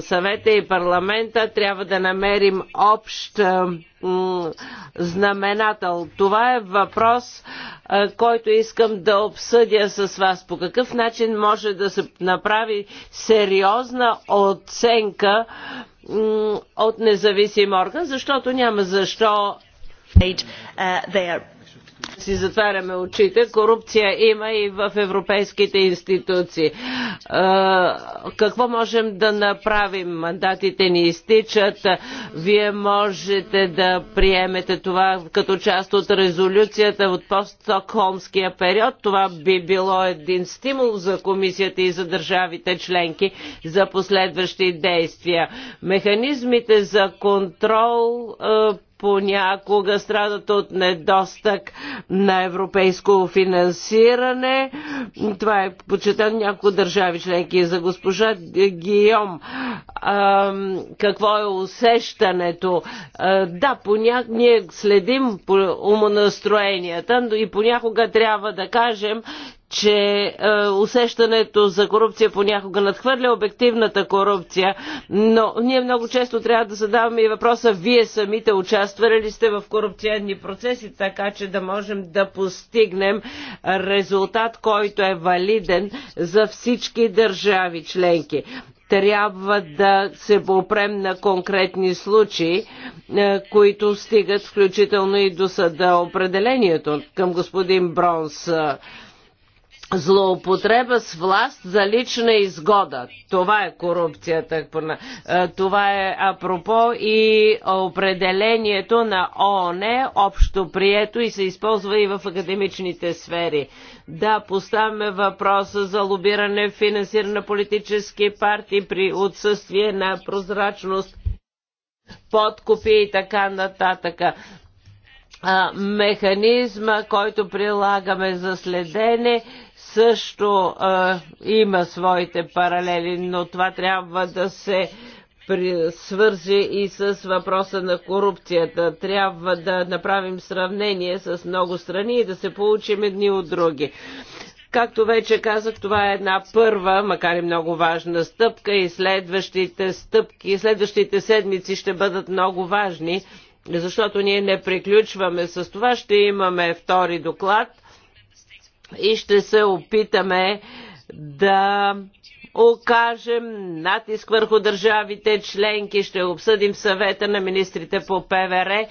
съвета и парламента трябва да намерим общ знаменател. Това е въпрос, който искам да обсъдя с вас. По какъв начин може да се направи сериозна оценка от независим орган, защото няма защо uh, си затваряме очите. Корупция има и в европейските институции. Какво можем да направим? Мандатите ни изтичат. Вие можете да приемете това като част от резолюцията от постстокхолмския период. Това би било един стимул за комисията и за държавите членки за последващи действия. Механизмите за контрол понякога страдат от недостъг на европейско финансиране. Това е почетен някои държави членки. За госпожа Гиом какво е усещането? Да, поняк... ние следим по умонастроенията, но и понякога трябва да кажем, че е, усещането за корупция понякога надхвърля обективната корупция, но ние много често трябва да задаваме и въпроса, вие самите участвали ли сте в корупционни процеси, така че да можем да постигнем резултат, който е валиден за всички държави членки трябва да се попрем на конкретни случаи, е, които стигат включително и до съда определението към господин Бронс. Е, злоупотреба с власт за лична изгода. Това е корупцията. Е, това е апропо и определението на ООН, общо прието и се използва и в академичните сфери. Да, поставяме въпроса за лобиране, финансиране на политически партии при отсъствие на прозрачност, подкупи и така нататък е, механизма, който прилагаме за следене, също а, има своите паралели, но това трябва да се при, свържи и с въпроса на корупцията. Трябва да направим сравнение с много страни и да се получим едни от други. Както вече казах, това е една първа, макар и много важна стъпка и следващите стъпки, следващите седмици ще бъдат много важни, защото ние не приключваме с това. Ще имаме втори доклад – и ще се опитаме да окажем натиск върху държавите членки, ще обсъдим съвета на министрите по ПВР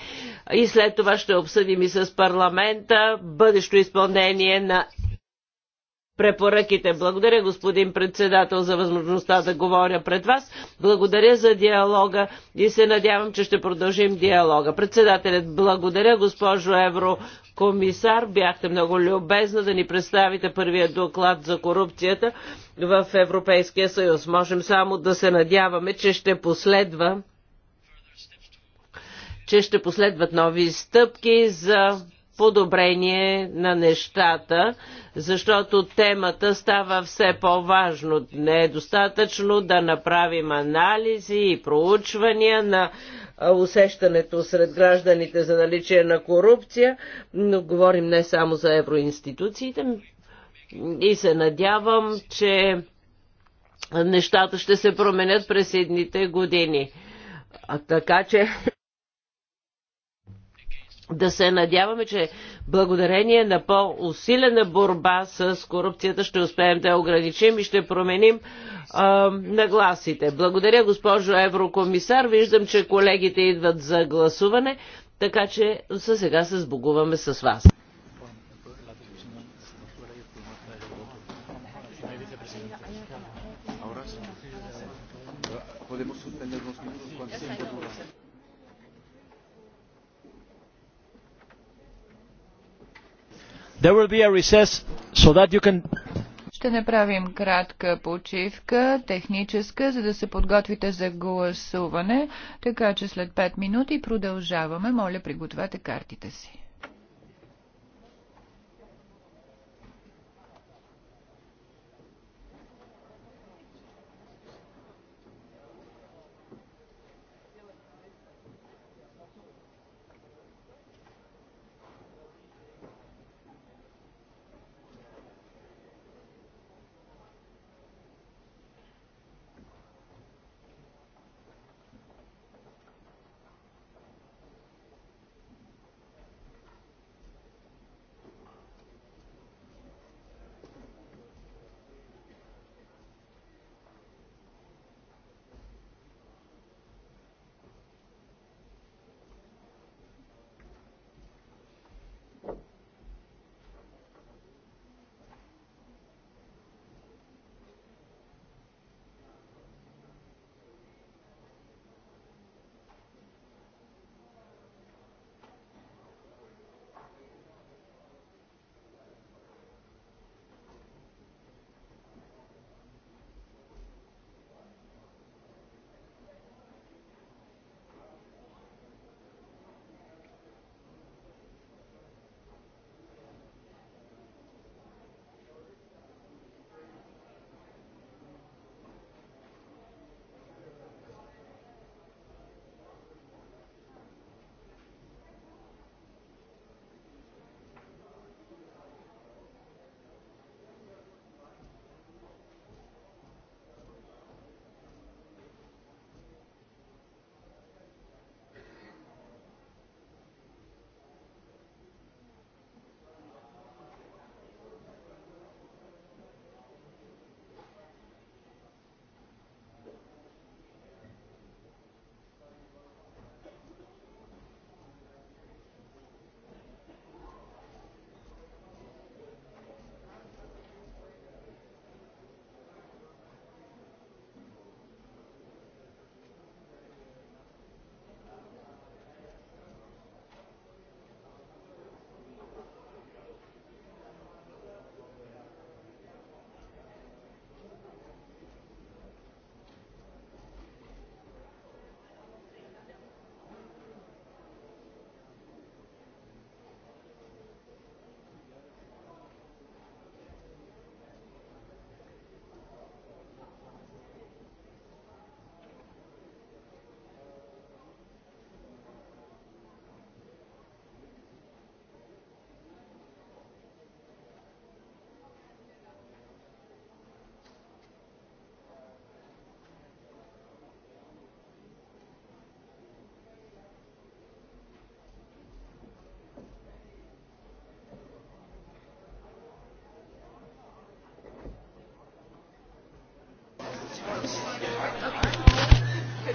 и след това ще обсъдим и с парламента бъдещо изпълнение на препоръките. Благодаря, господин председател, за възможността да говоря пред вас. Благодаря за диалога и се надявам, че ще продължим диалога. Председателят, благодаря, госпожо Евро комисар, бяхте много любезна да ни представите първия доклад за корупцията в Европейския съюз. Можем само да се надяваме, че ще последва че ще последват нови стъпки за подобрение на нещата, защото темата става все по-важно. Не е достатъчно да направим анализи и проучвания на усещането сред гражданите за наличие на корупция, но говорим не само за евроинституциите и се надявам, че нещата ще се променят през едните години. А така че да се надяваме, че благодарение на по-усилена борба с корупцията ще успеем да ограничим и ще променим а, нагласите. Благодаря, госпожо Еврокомисар. Виждам, че колегите идват за гласуване, така че за сега се сбогуваме с вас. Podemos suspender minutos There will be a recess so that you can ще направим кратка почивка, техническа, за да се подготвите за гласуване, така че след 5 минути продължаваме. Моля, пригответе картите си.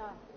nine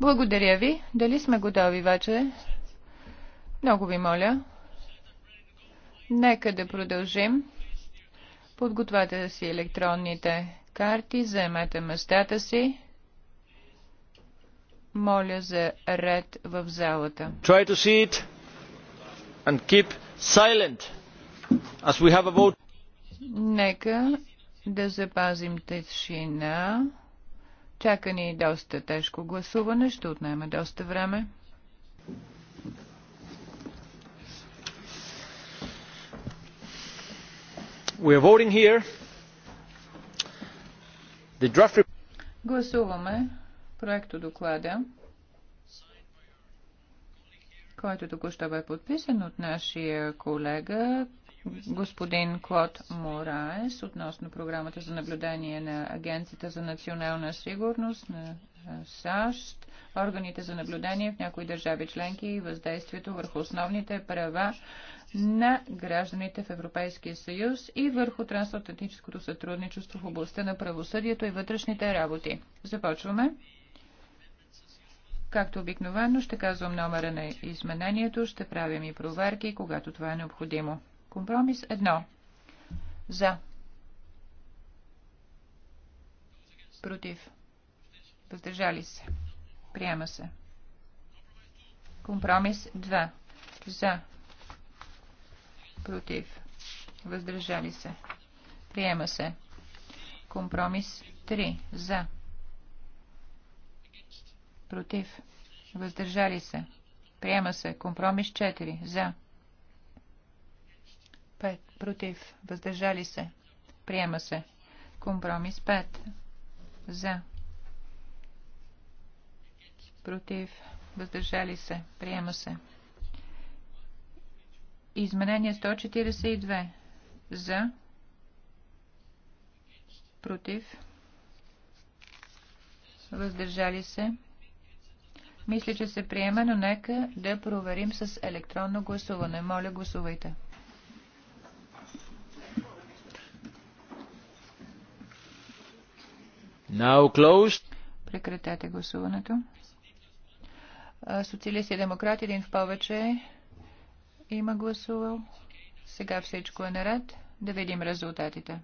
Благодаря ви. Дали сме готови вече? Много ви моля. Нека да продължим. Подгответе си електронните карти, заемете местата си. Моля за ред в залата. Try to see it and keep silent as we have a vote. Нека да запазим тишина. Чака ни доста тежко гласуване, ще отнеме доста време. We are voting here. The draft... Гласуваме проекто доклада, който току-що бе подписан от нашия колега господин Клод Мораес относно програмата за наблюдение на Агенцията за национална сигурност на САЩ, органите за наблюдение в някои държави членки и въздействието върху основните права на гражданите в Европейския съюз и върху трансатлантическото сътрудничество в областта на правосъдието и вътрешните работи. Започваме. Както обикновено ще казвам номера на изменението, ще правим и проверки, когато това е необходимо. Компромис 1. За. Против. Въздържали се. Приема се. Компромис 2. За. Против. Въздържали се. Приема се. Компромис 3. За. Против. Въздържали се. Приема се. Компромис 4. За. Против. Въздържали се. Приема се. Компромис 5. За. Против. Въздържали се. Приема се. Изменение 142. За. Против. Въздържали се. Мисля, че се приема, но нека да проверим с електронно гласуване. Моля, гласувайте. Now closed. Прекратете гласуването. Социалисти и демократи, един в повече има гласувал. Сега всичко е наред. Да видим резултатите.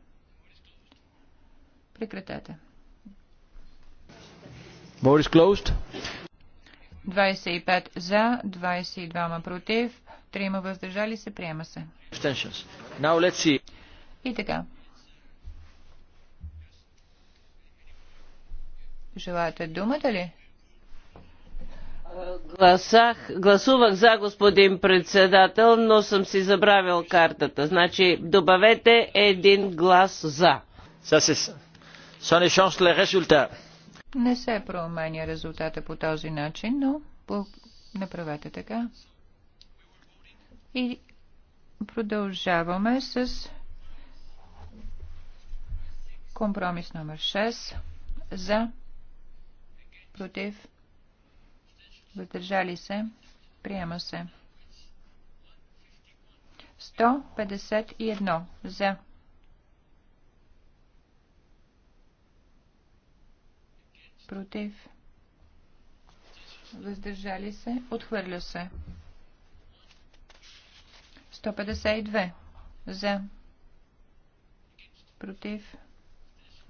Прекратете. Борис closed. 25 за, 22 против, 3 въздържали се, приема се. И така. Желаете думата ли? Гласах, гласувах за господин председател, но съм си забравил картата. Значи добавете един глас за. Не се променя резултата по този начин, но направете така. И продължаваме с компромис номер 6 за против, въздържали се, приема се. 151 за. Против. Въздържали се. Отхвърля се. 152 за. Против.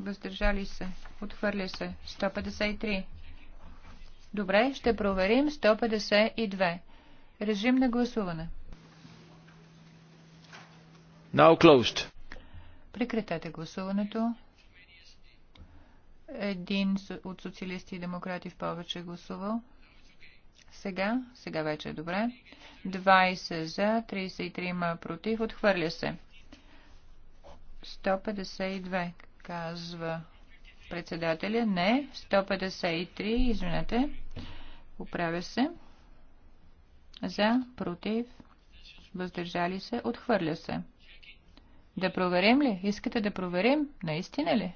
Въздържали се. Отхвърля се. 153 Добре, ще проверим 152. Режим на гласуване. Now closed. Прекратете гласуването. Един от социалисти и демократи в повече гласувал. Сега, сега вече е добре. 20 за, 33 ма против, отхвърля се. 152, казва Председателя не. 153, извинете. Поправя се. За, против, въздържали се, отхвърля се. Да проверим ли? Искате да проверим? Наистина ли?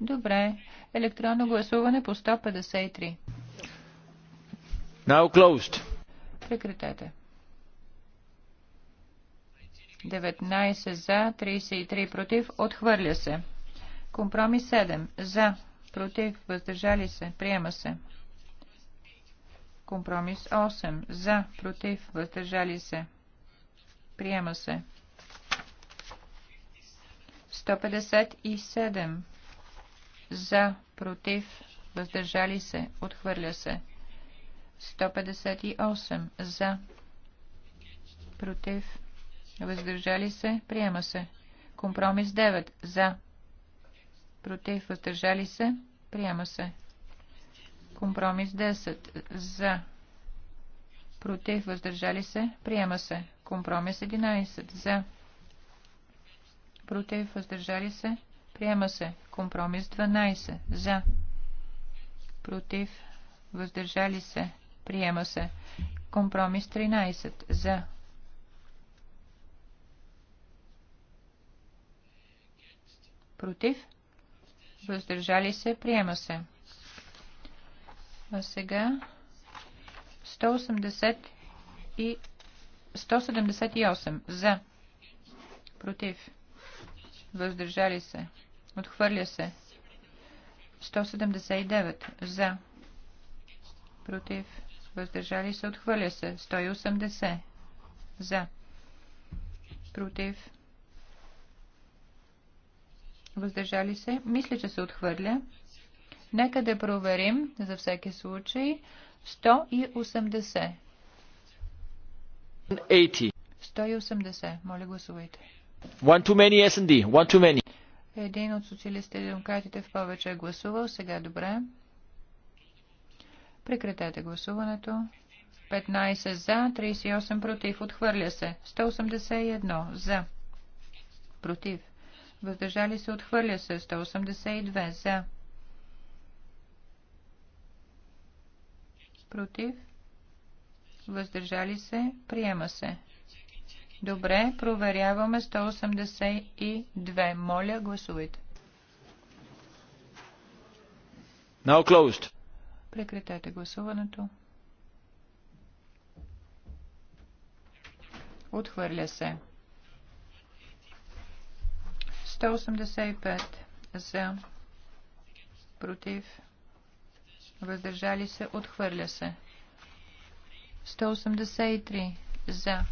Добре. Електронно гласуване по 153. Now closed. Прекратете. 19 за, 33 против, отхвърля се. Компромис 7. За. Против. Въздържали се. Приема се. Компромис 8. За. Против. Въздържали се. Приема се. 157. За. Против. Въздържали се. Отхвърля се. 158. За. Против. Въздържали се. Приема се. Компромис 9. За против, въздържали се, приема се. Компромис 10 за, против, въздържали се, приема се. Компромис 11 за, против, въздържали се, приема се. Компромис 12 за, против, въздържали се, приема се. Компромис 13 за, против, въздържали се, приема се. А сега 180 и 178 за, против, въздържали се, отхвърля се. 179 за, против, въздържали се, отхвърля се. 180 за, против, въздържали се. Мисля, че се отхвърля. Нека да проверим за всеки случай. 180. 180. Моля, гласувайте. One too many S&D. One too many. Един от социалистите и демократите в повече е гласувал. Сега добре. Прекратете гласуването. 15 за, 38 против. Отхвърля се. 181 за. Против въздържали се, отхвърля се 182 за, против, въздържали се, приема се. Добре, проверяваме 182. Моля, гласувайте. Now closed. Прекратете гласуването. Отхвърля се. 185 за, против, въздържали се, отхвърля се. 183 за,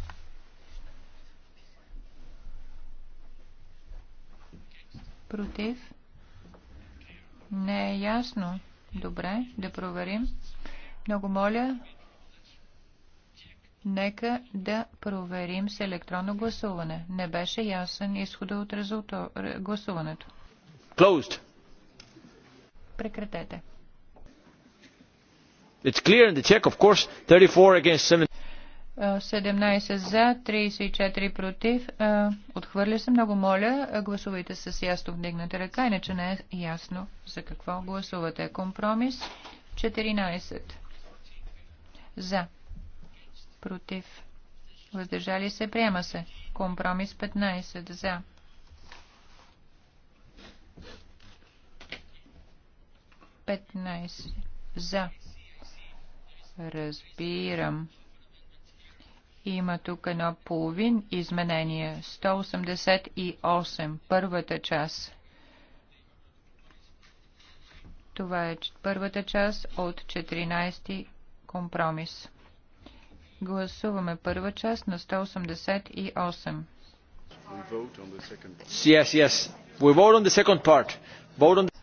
против, не е ясно. Добре, да проверим. Много моля, Нека да проверим с електронно гласуване. Не беше ясен изхода от гласуването. Closed. Прекратете. It's clear in the check, of course, 34 against 7. 17 за, 34 против. Отхвърля се. Много моля, гласувайте с ясно вдигната ръка, иначе не е ясно за какво гласувате. Компромис 14. За против, въздържали се, приема се. Компромис 15 за. за. Разбирам. Има тук едно половин изменение. 188. Първата част. Това е първата част от 14 компромис. Гласуваме първа част на 188.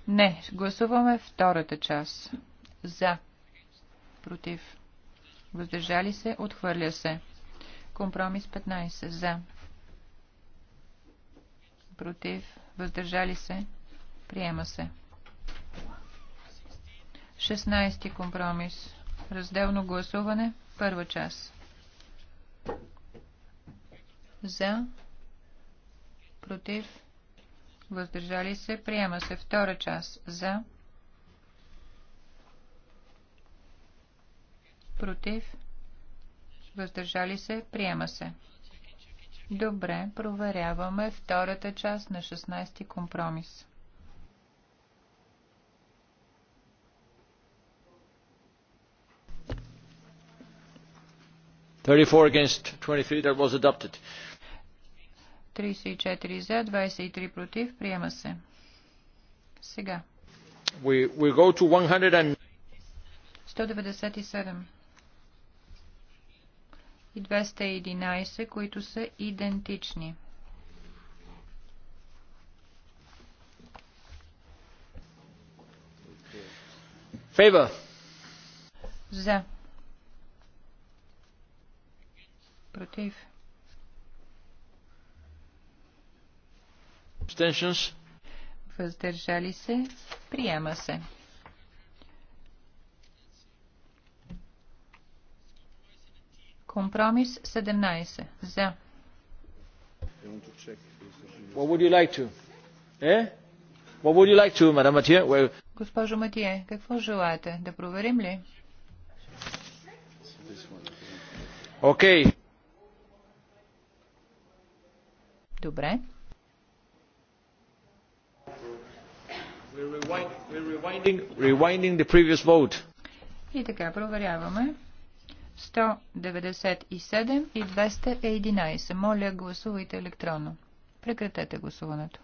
Не, гласуваме втората част. За. Против. Въздържали се, отхвърля се. Компромис 15. За. Против. Въздържали се. Приема се. 16 компромис. Разделно гласуване. Първа част. За. Против. Въздържали се. Приема се. Втора част. За. Против. Въздържали се. Приема се. Добре, проверяваме втората част на 16 ти компромис. 34 against 23. That was adopted. 34 за, 23 против. Приема се. Сега. We, we go 197 и 211, които са идентични. Favor. За. Против. Abstentions. Въздържали се. Приема се. Компромис 17. За. What would you like to? Eh? What would you like to, madame Матие? Well... Госпожо Матие, какво желаете? Да проверим ли? Окей. Okay. Добре. И така, проверяваме. 197 и 211. Моля, гласувайте електронно. Прекратете гласуването.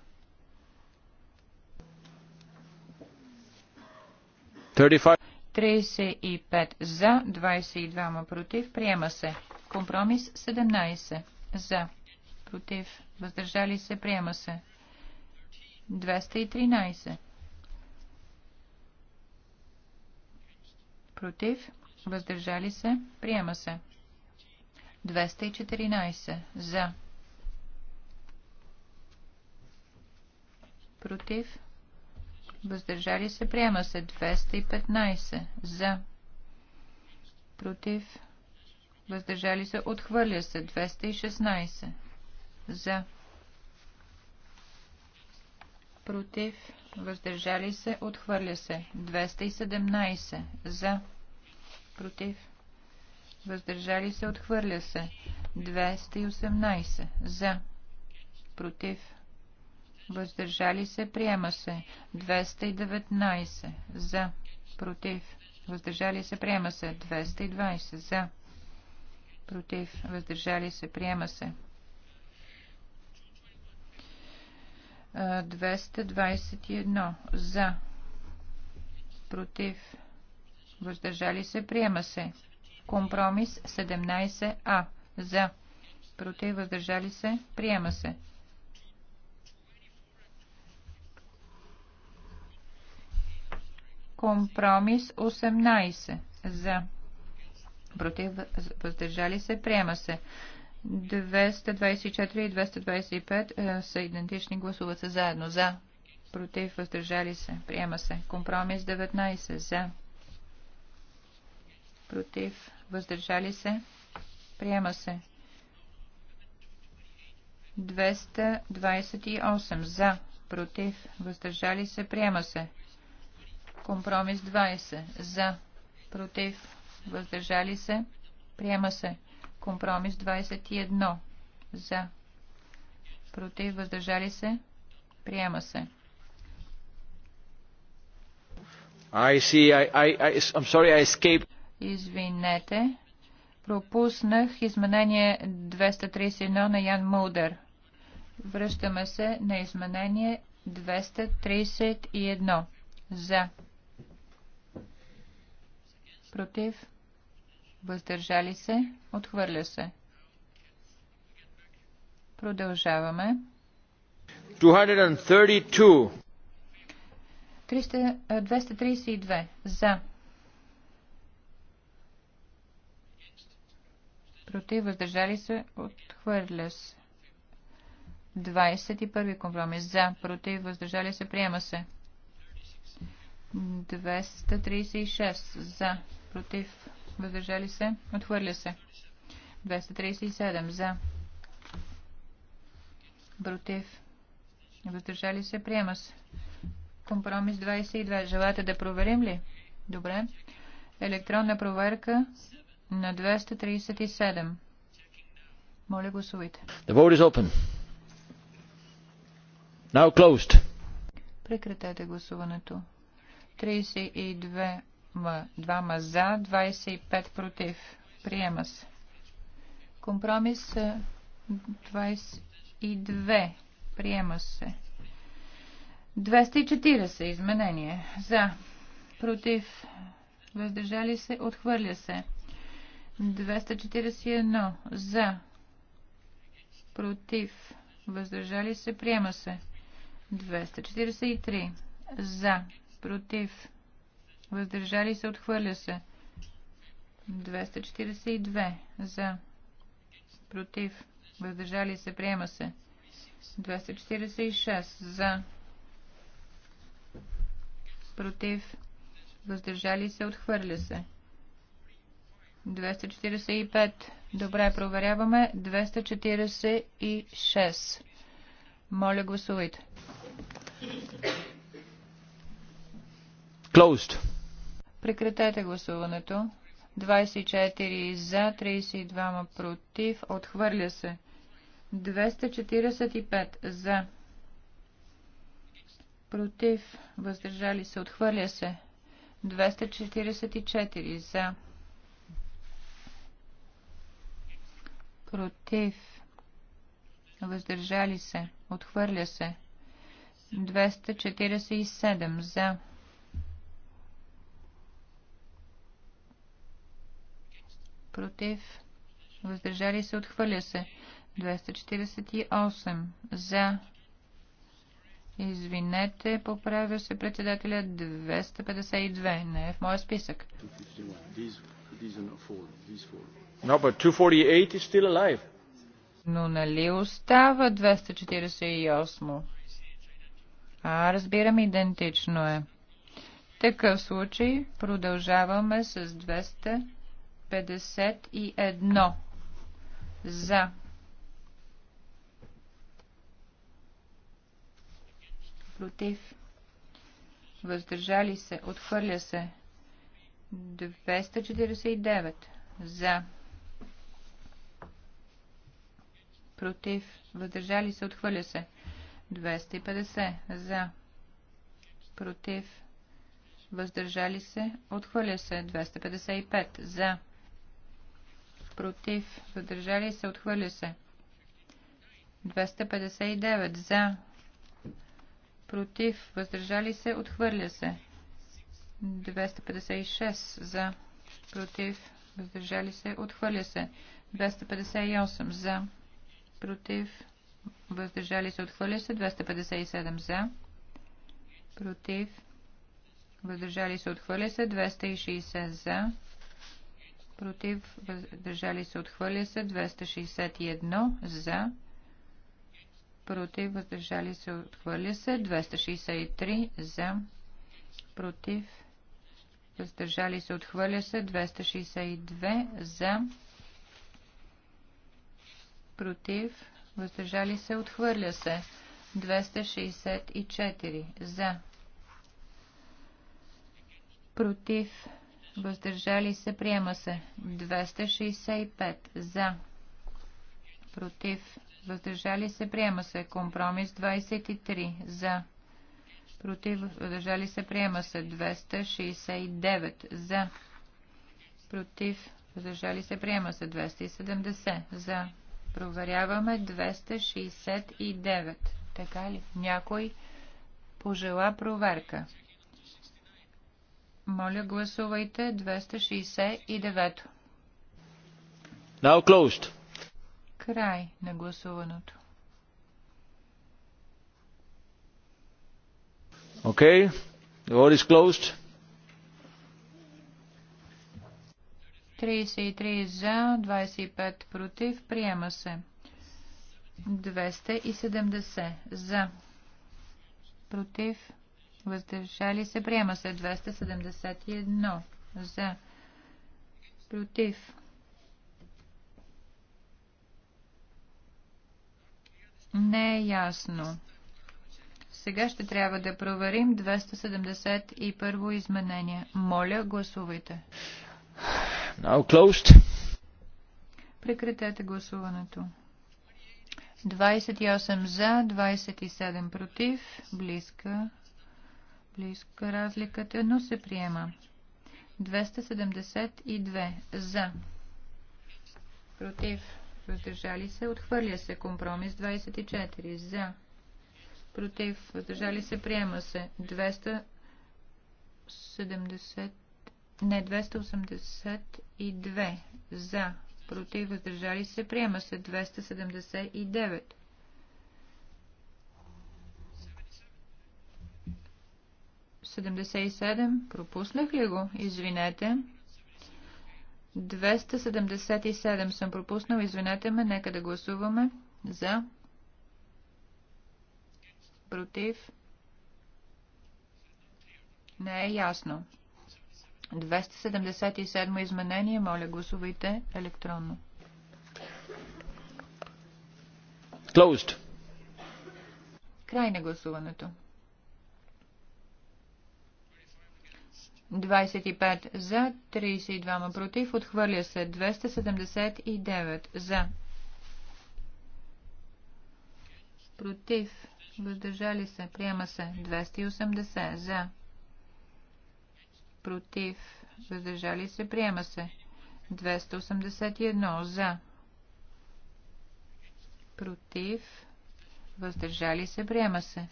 35. за, 22 против. Приема се. Компромис 17 за против, въздържали се, приема се. 213. Против, въздържали се, приема се. 214. За. Против, въздържали се, приема се. 215. За. Против, въздържали се, отхвърля се. 216 за против, въздържали се, отхвърля се. 217 за, против, въздържали се, отхвърля се. 218 за, против, въздържали се, приема се. 219 за, против, въздържали се, приема се. 220 за, против, въздържали се, приема се. 221 за, против, въздържали се, приема се. Компромис 17а за, против, въздържали се, приема се. Компромис 18 за, против, въздържали се, приема се. 224 и 225 е, са идентични. Гласуват се заедно. За. Против. Въздържали се. Приема се. Компромис 19. За. Против. Въздържали се. Приема се. 228. За. Против. Въздържали се. Приема се. Компромис 20. За. Против. Въздържали се. Приема се. Компромис 21. За. Против. Въздържали се. Приема се. I see. I, I, I, I'm sorry, I escaped. Извинете. Пропуснах изменение 231 на Ян Мулдер. Връщаме се на изменение 231. За. Против въздържали се, отхвърля се. Продължаваме. 232. 232. За. Против, въздържали се, отхвърля се. 21 компромис. За. Против, въздържали се, приема се. 236. За. Против, въздържали се, отхвърля се. 237 за, против, въздържали се, приема се. Компромис 22. Желате да проверим ли? Добре. Електронна проверка на 237. Моля, гласувайте. The vote is open. Now closed. Прекратете гласуването. 32 Двама за, 25 против. Приема се. Компромис 22. Приема се. 240 изменение. За. Против. Въздържали се. Отхвърля се. 241. За. Против. Въздържали се. Приема се. 243. За. Против въздържали се, отхвърля се. 242 за, против, въздържали се, приема се. 246 за, против, въздържали се, отхвърля се. 245. Добре, проверяваме. 246. Моля, гласувайте. Closed. Прекратете гласуването. 24 за, 32 против. Отхвърля се. 245 за. Против. Въздържали се. Отхвърля се. 244 за. Против. Въздържали се. Отхвърля се. 247 за. против, въздържали се, отхвърля се. 248 за. Извинете, поправя се председателя 252. Не е в моя списък. No, but 248 is still alive. Но нали остава 248? А, разбирам, идентично е. В такъв случай продължаваме с 200. 51 за. Против. Въздържали се. Отхвърля се. 249 за. Против. Въздържали се. Отхвърля се. 250 за. Против. Въздържали се. Отхвърля се. 255 за против, въздържали се, отхвърля се. 259 за, против, въздържали се, отхвърля се. 256 за, против, въздържали се, отхвърля се. 258 за, против, въздържали се, отхвърля се. 257 за, против, въздържали се, отхвърля се. 260 за, против, въздържали се, отхвърля се, 261 за, против, въздържали се, отхвърля се, 263 за, против, въздържали се, отхвърля се, 262 за, против, въздържали се, отхвърля се, 264 за, против, въздържали се, приема се. 265 за, против, въздържали се, приема се. Компромис 23 за, против, въздържали се, приема се. 269 за, против, въздържали се, приема се. 270 за, проверяваме. 269. Така ли? Някой пожела проверка. Моля, гласувайте 269. Now closed. Край на гласуването. Okay. The vote is closed. 33 за, 25 против. Приема се. 270 за, против въздържали се, приема се 271 за, против. Не е ясно. Сега ще трябва да проверим 271 изменение. Моля, гласувайте. Now closed. Прекратете гласуването. 28 за, 27 против, близка близка разликата, но се приема. 272 за. Против. Въздържали се. Отхвърля се. Компромис 24 за. Против. Въздържали се. Приема се. 270. Не, 282 за. Против. Въздържали се. Приема се. 279 77. Пропуснах ли го? Извинете. 277 съм пропуснал. Извинете ме. Нека да гласуваме. За. Против. Не е ясно. 277 изменение. Моля, гласувайте електронно. Closed. Край на гласуването. 25 за, 32 против, отхвърля се 279 за. Против, въздържали се, приема се 280 за. Против, въздържали се, приема се 281 за. Против, въздържали се, приема се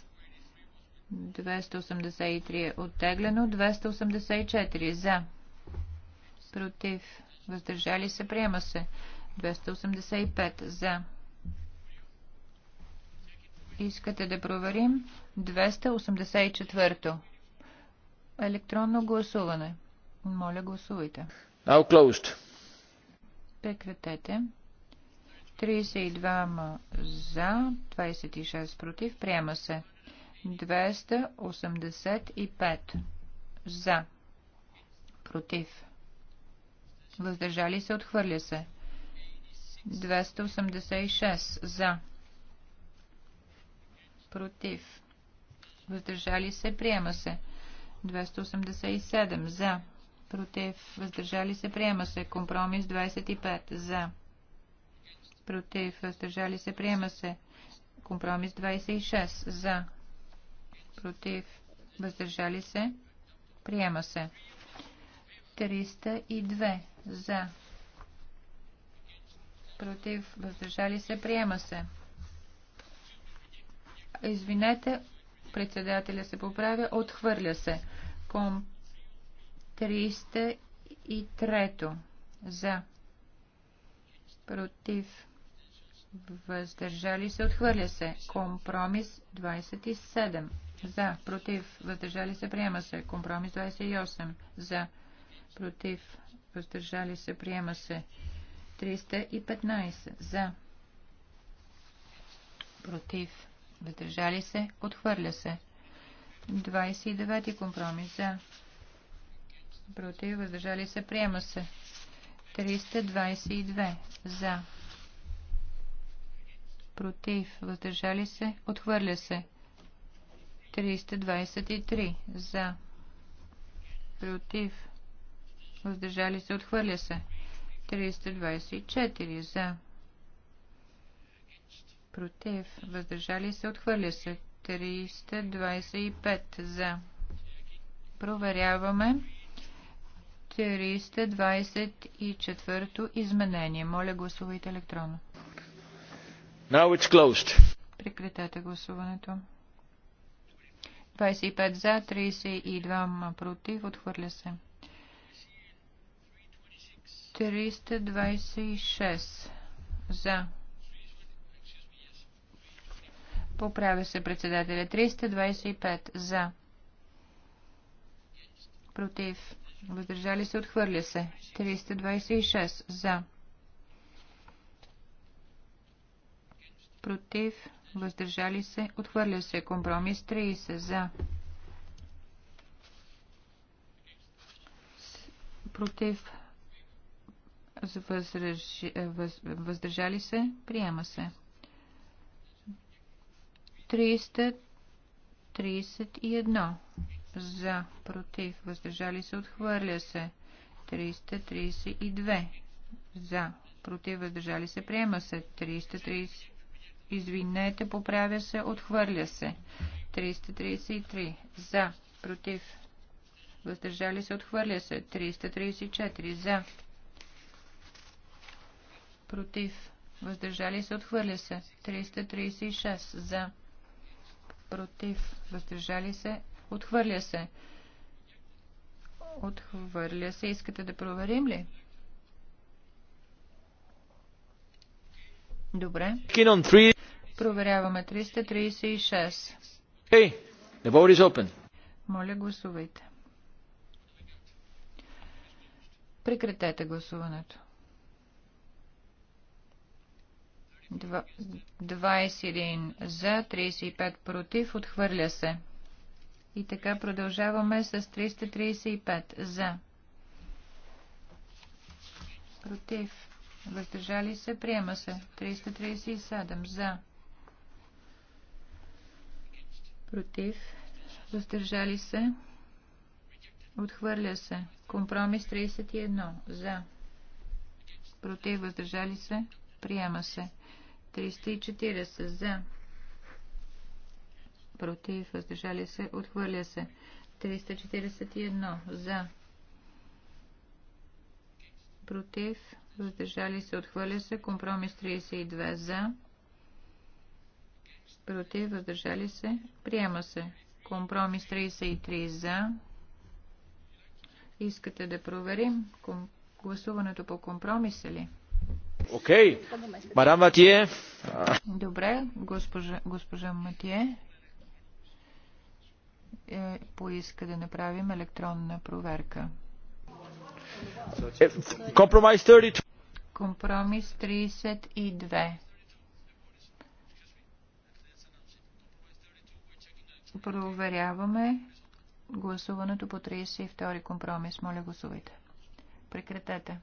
283 е оттеглено. 284 за. Против. Въздържали се. Приема се. 285 за. Искате да проверим? 284. Електронно гласуване. Моля, гласувайте. Now closed. Прекратете. 32 за, 26 против. Приема се. 285 за, против, въздържали се, отхвърля се. 286 за, против, въздържали се, приема се. 287 за, против, въздържали се, приема се. Компромис 25 за, против, въздържали се, приема се. Компромис 26 за, против, въздържали се, приема се. 302 за, против, въздържали се, приема се. Извинете, председателя се поправя, отхвърля се. Ком 303 за, против, въздържали се, отхвърля се. Компромис 27 за. Против. Въздържали се. Приема се. Компромис 28. За. Против. Въздържали се. Приема се. 315. За. Против. Въздържали се. Отхвърля се. 29. Компромис. За. Против. Въздържали се. Приема се. 322. За. Против. Въздържали се. Отхвърля се. 323 за. Против. Въздържали се. Отхвърля се. 324 за. Против. Въздържали се. Отхвърля се. 325 за. Проверяваме. 324 изменение. Моля гласувайте електронно. Now it's closed. Прекратете гласуването. 25 за, 32 против, отхвърля се. 326 за. Поправя се председателя. 325 за. Против. Въздържали се. Отхвърля се. 326 за. Против въздържали се, отхвърля се. Компромис 30 за, против, е, въз... въздържали се, приема се. 331 за, против, въздържали се, отхвърля се. 332 за, против, въздържали се, приема се. 330 Извинете, поправя се, отхвърля се. 333. За. Против. Въздържали се, отхвърля се. 334. За. Против. Въздържали се, отхвърля се. 336. За. Против. Въздържали се, отхвърля се. Отхвърля се. Искате да проверим ли? Добре. Проверяваме 336. Hey, the vote is open. Моля, гласувайте. Прекратете гласуването. 21 за, 35 против, отхвърля се. И така продължаваме с 335 за. Против. Въздържали се, приема се. 337 за против, въздържали се, отхвърля се. Компромис 31 за, против, въздържали се, приема се. 340 за, против, въздържали се, отхвърля се. 341 за, против, въздържали се, отхвърля се. Компромис 32 за, против, въздържали се, приема се. Компромис 33 за. Искате да проверим гласуването по компромиса ли? Окей. Okay. Мадам Матие. Добре, госпожа, госпожа Матие е, поиска да направим електронна проверка. Е, компромис 32. Компромис 32. Проверяваме гласуването по 32 компромис. Моля, гласувайте. Прекратете.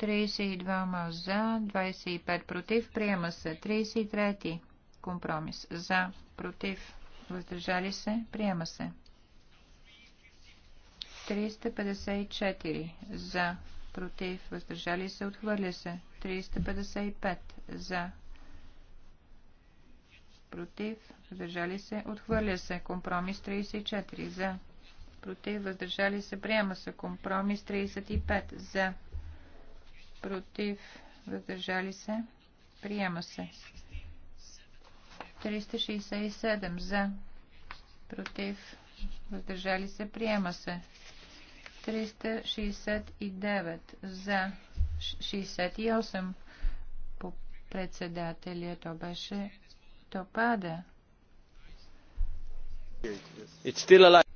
32 за, 25 против. Приема се. 33 компромис. За, против. Въздържали се. Приема се. 354 за, против. Въздържали се. Отхвърля се. 355 за, против, въздържали се, отхвърля се. Компромис 34 за, против, въздържали се, приема се. Компромис 35 за, против, въздържали се, приема се. 367 за, против, въздържали се, приема се. 369 за 68 по председателя. То беше то пада.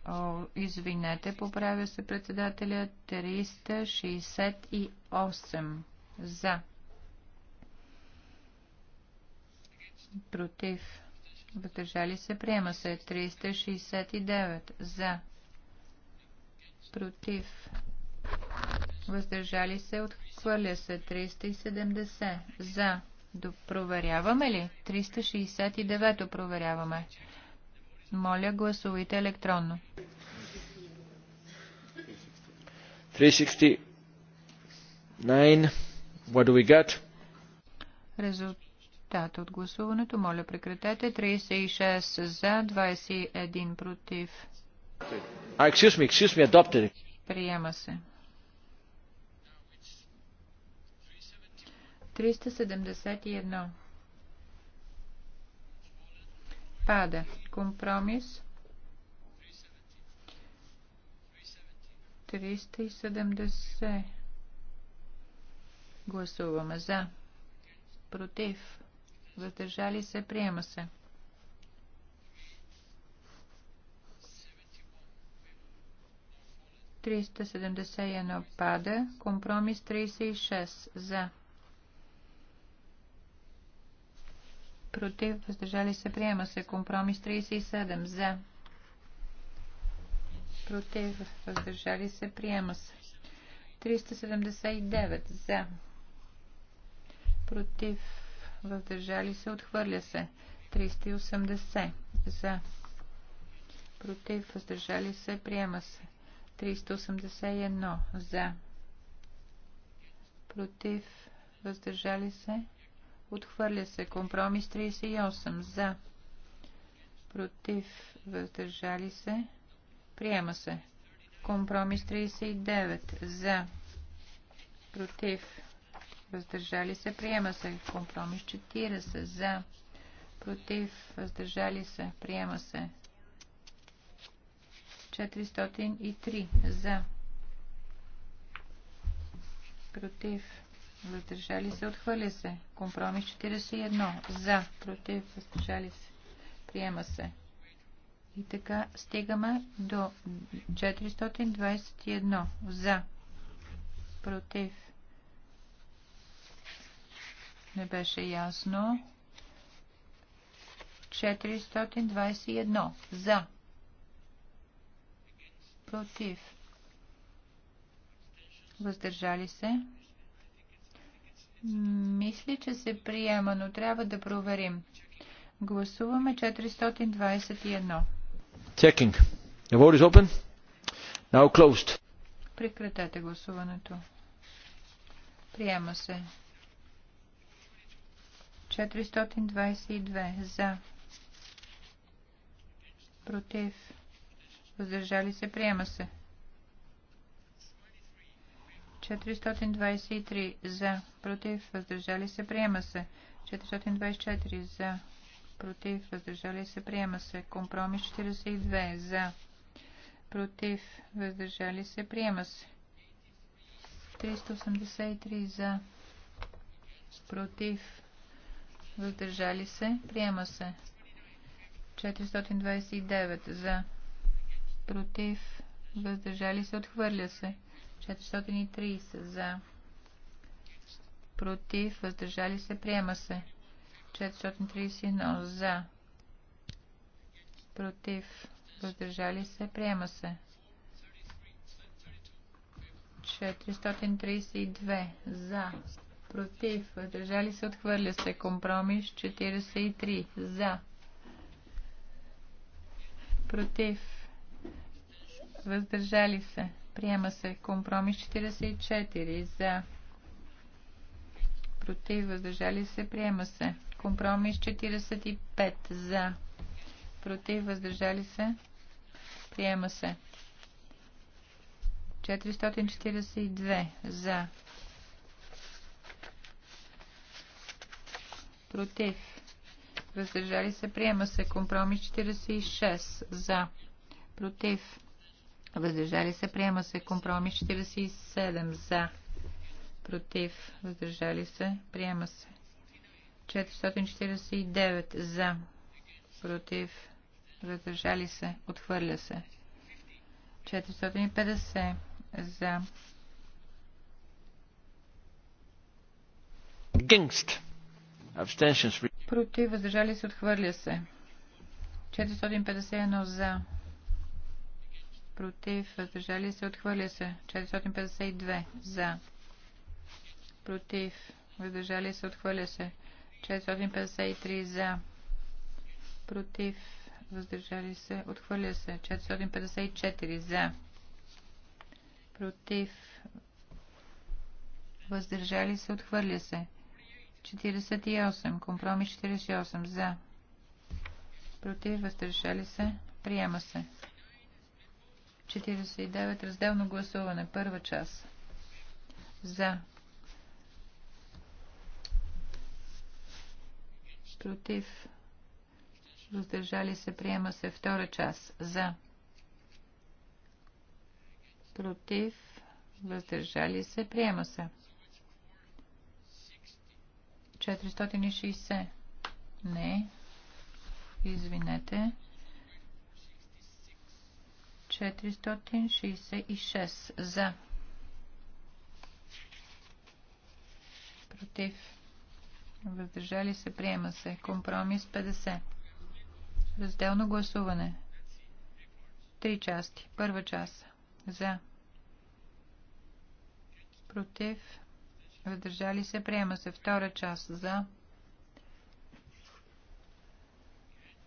О, извинете, поправя се председателя. 368 за. Против. Въздържали се. Приема се. 369 за. Против. Въздържали се. Отхвърля се. 370 за Проверяваме ли? 369 проверяваме. Моля, гласувайте електронно. 369. What do we get? Резултат от гласуването. Моля, прекратете. 36 за, 21 против. excuse me, excuse me, adopted. Приема се. 371. Пада. Компромис. 370. Гласуваме за. Против. Въздържали се. Приема се. 371 пада. Компромис 36. За. против, въздържали се, приема се. Компромис 37 за, против, въздържали се, приема се. 379 за, против, въздържали се, отхвърля се. 380 за, против, въздържали се, приема се. 381 за, против, въздържали се, Отхвърля се компромис 38 за. Против. Въздържали се. Приема се. Компромис 39 за. Против. Въздържали се. Приема се. Компромис 40 за. Против. Въздържали се. Приема се. 403 за. Против въздържали се, отхвърля се. Компромис 41 за, против, въздържали се, приема се. И така стигаме до 421 за, против. Не беше ясно. 421 за, против, въздържали се. Мисля, че се приема, но трябва да проверим. Гласуваме 421. Checking. The vote is open. Now closed. Прекратете гласуването. Приема се. 422 за. Против. Въздържали се. Приема се. 423 за, против, въздържали се, приема се. 424 за, против, въздържали се, приема се. Компромис 42 за, против, въздържали се, приема се. 383 за, против, въздържали се, приема се. 429 за, против, въздържали се, отхвърля се. 430 за. Против. Въздържали се. Приема се. 431 за. Против. Въздържали се. Приема се. 432 за. Против. Въздържали се. Отхвърля се. Компромис 43 за. Против. Въздържали се. Приема се компромис 44 за. Против, въздържали се, приема се. Компромис 45 за. Против, въздържали се, приема се. 442 за. Против. Въздържали се, приема се. Компромис 46 за. Против въздържали се, приема се. Компромис 47 за, против, въздържали се, приема се. 449 за, против, въздържали се, отхвърля се. 450 за. Гингст. Против, въздържали се, отхвърля се. 451 за против, въздържали се, отхвърля се. 452 за, против, въздържали се, отхвърля се. 453 за, против, въздържали се, отхвърля се. 454 за, против, въздържали се, отхвърля се. 48, компромис 48 за, против, въздържали се, приема се. 49. Разделно гласуване. Първа част. За. Против. Въздържали се. Приема се. Втора част. За. Против. Въздържали се. Приема се. 460. Не. Извинете. 466 за. Против. Въздържали се. Приема се. Компромис 50. Разделно гласуване. Три части. Първа част. За. Против. Въздържали се. Приема се. Втора част. За.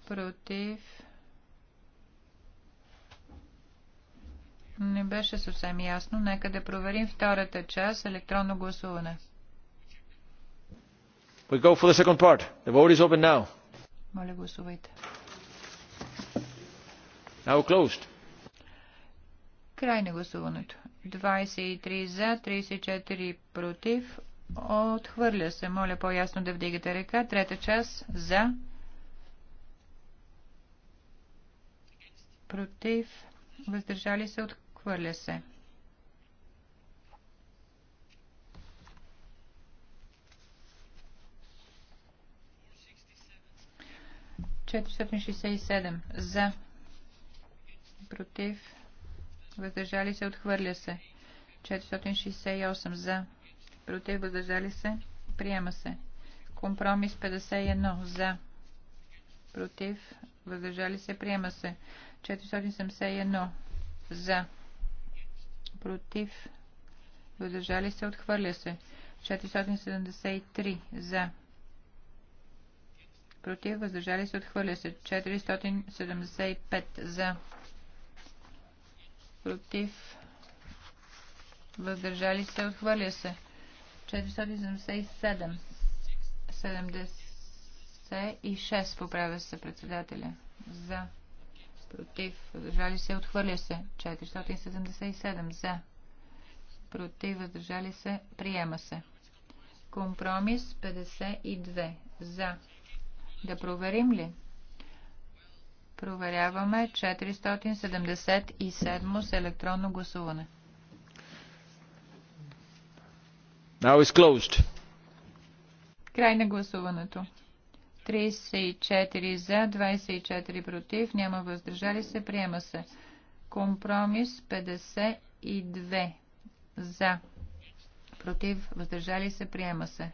Против. Не беше съвсем ясно. Нека да проверим втората част електронно гласуване. We go for the second part. The vote is open now. Моля гласувайте. Now closed. Край на гласуването. 23 за, 34 против. Отхвърля се. Моля по-ясно да вдигате ръка. Трета част за. Против. Въздържали се от Отхвърля се. Четиристотин за. Против. Въздържали се. Отхвърля се. 468 за. Против. Въздържали се. Приема се. Компромис 51 за. Против. Въздържали се. Приема се. 471 за против, въздържали се, отхвърля се. 473 за, против, въздържали се, отхвърля се. 475 за, против, въздържали се, отхвърля се. 477 76 поправя се председателя за против, въздържали се, отхвърля се. 477 за, против, въздържали се, приема се. Компромис 52 за. Да проверим ли? Проверяваме 477 с електронно гласуване. Now it's closed. Край на гласуването. 34 за, 24 против, няма въздържали се, приема се. Компромис 52 за, против, въздържали се, приема се.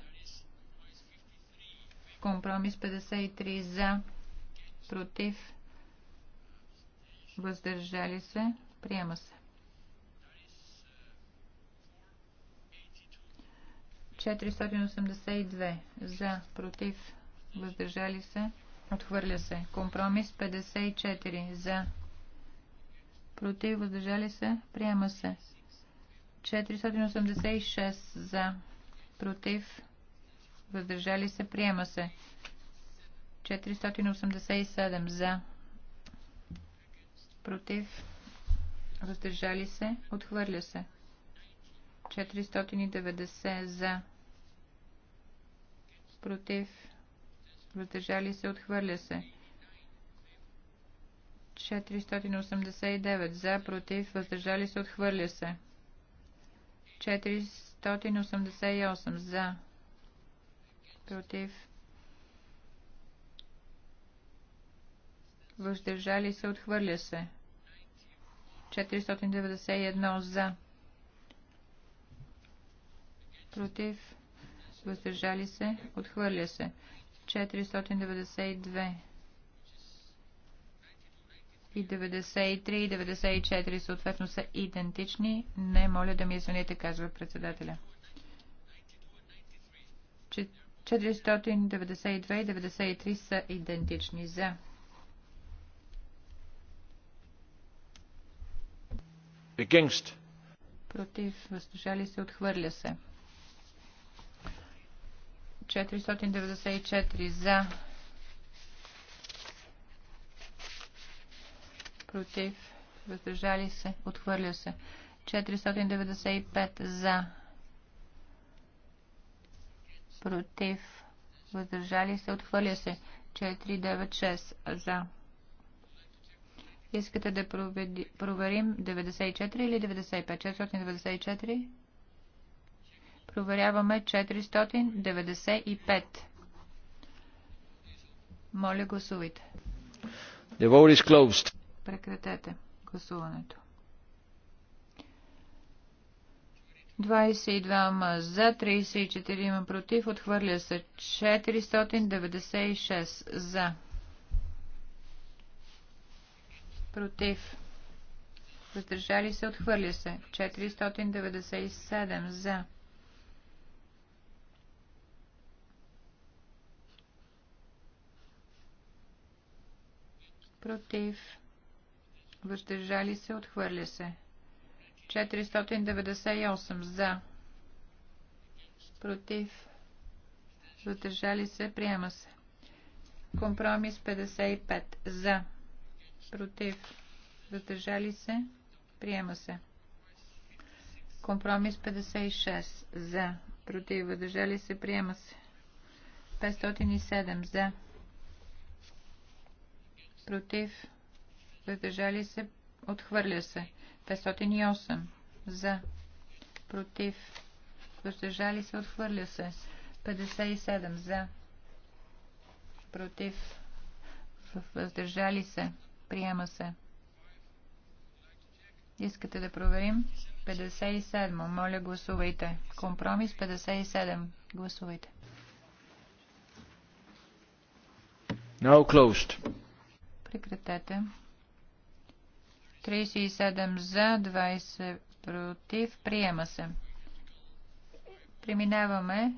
Компромис 53 за, против, въздържали се, приема се. 482 за, против, въздържали се, отхвърля се. Компромис 54 за, против, въздържали се, приема се. 486 за, против, въздържали се, приема се. 487 за, против, въздържали се, отхвърля се. 490 за, против, въздържали се, отхвърля се. 489 за, против, въздържали се, отхвърля се. 488 за, против, въздържали се, отхвърля се. 491 за, против, въздържали се, отхвърля се. 492 и 93 и 94 съответно са идентични. Не, моля да ми извините, казва председателя. 492 и 93 са идентични за. Against. Против, въздържали се, отхвърля се. 494 за, против, въздържали се, отхвърля се. 495 за, против, въздържали се, отхвърля се. 496 за. Искате да проверим 94 или 95? 494? Проверяваме 495. Моля, гласувайте. The vote is closed. Прекратете гласуването. 22 за, 34 има против, отхвърля се 496 за. Против. Въздържали се, отхвърля се 497 за. против, въздържали се, отхвърля се. 498 за, против, въздържали се, приема се. Компромис 55 за, против, въздържали се, приема се. Компромис 56 за, против, въздържали се, приема се. 507 за против, въздържали се, отхвърля се. 508 за, против, въздържали се, отхвърля се. 57 за, против, въздържали се, приема се. Искате да проверим? 57. Моля, гласувайте. Компромис 57. Гласувайте. Now closed. Прекратете. 37 за, 20 против. Приема се. Преминаваме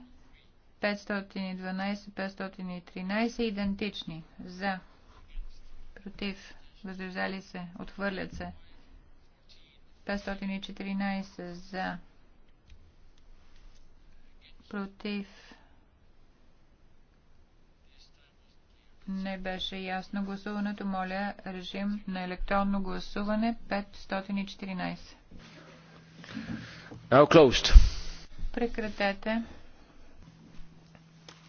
512-513 идентични. За. Против. Въздържали се. Отхвърлят се. 514 за. Против. Не беше ясно гласуването. Моля, режим на електронно гласуване 514. Now closed. Прекратете.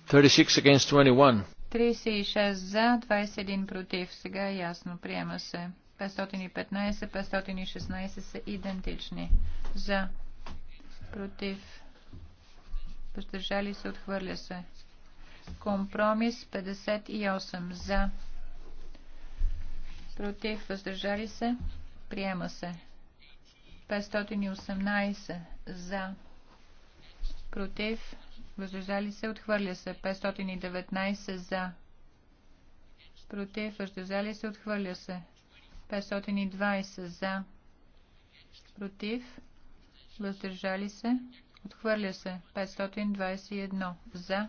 36 against 21. 36 за, 21 против. Сега е ясно. Приема се. 515, 516 са идентични. За, против, въздържали се, отхвърля се. Компромис 58 за. Против. Въздържали се. Приема се. 518 за. Против. Въздържали се. Отхвърля се. 519 за. Против. Въздържали се. Отхвърля се. 520 за. Против. Въздържали се. Отхвърля се. 521 за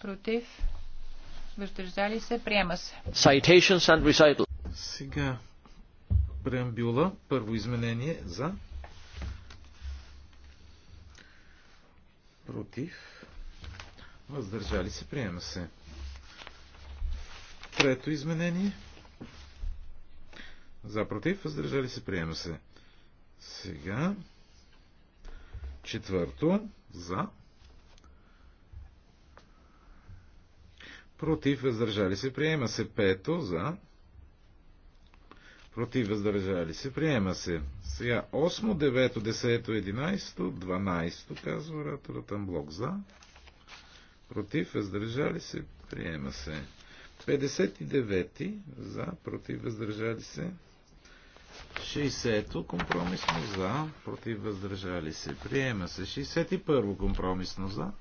против, въздържали се, приема се. Citations and recital. Сега преамбюла, първо изменение за против, въздържали се, приема се. Трето изменение. За против, въздържали се, приема се. Сега. Четвърто. За. Против, въздържали се, приема се. Пето за. Против, въздържали се, приема се. Сега 8, 9, 10, 11, 12, казва ораторът блок за. Против, въздържали се, приема се. 59 за, против, въздържали се. 60-то компромисно за, против въздържали се. Приема се. 61 то компромисно за,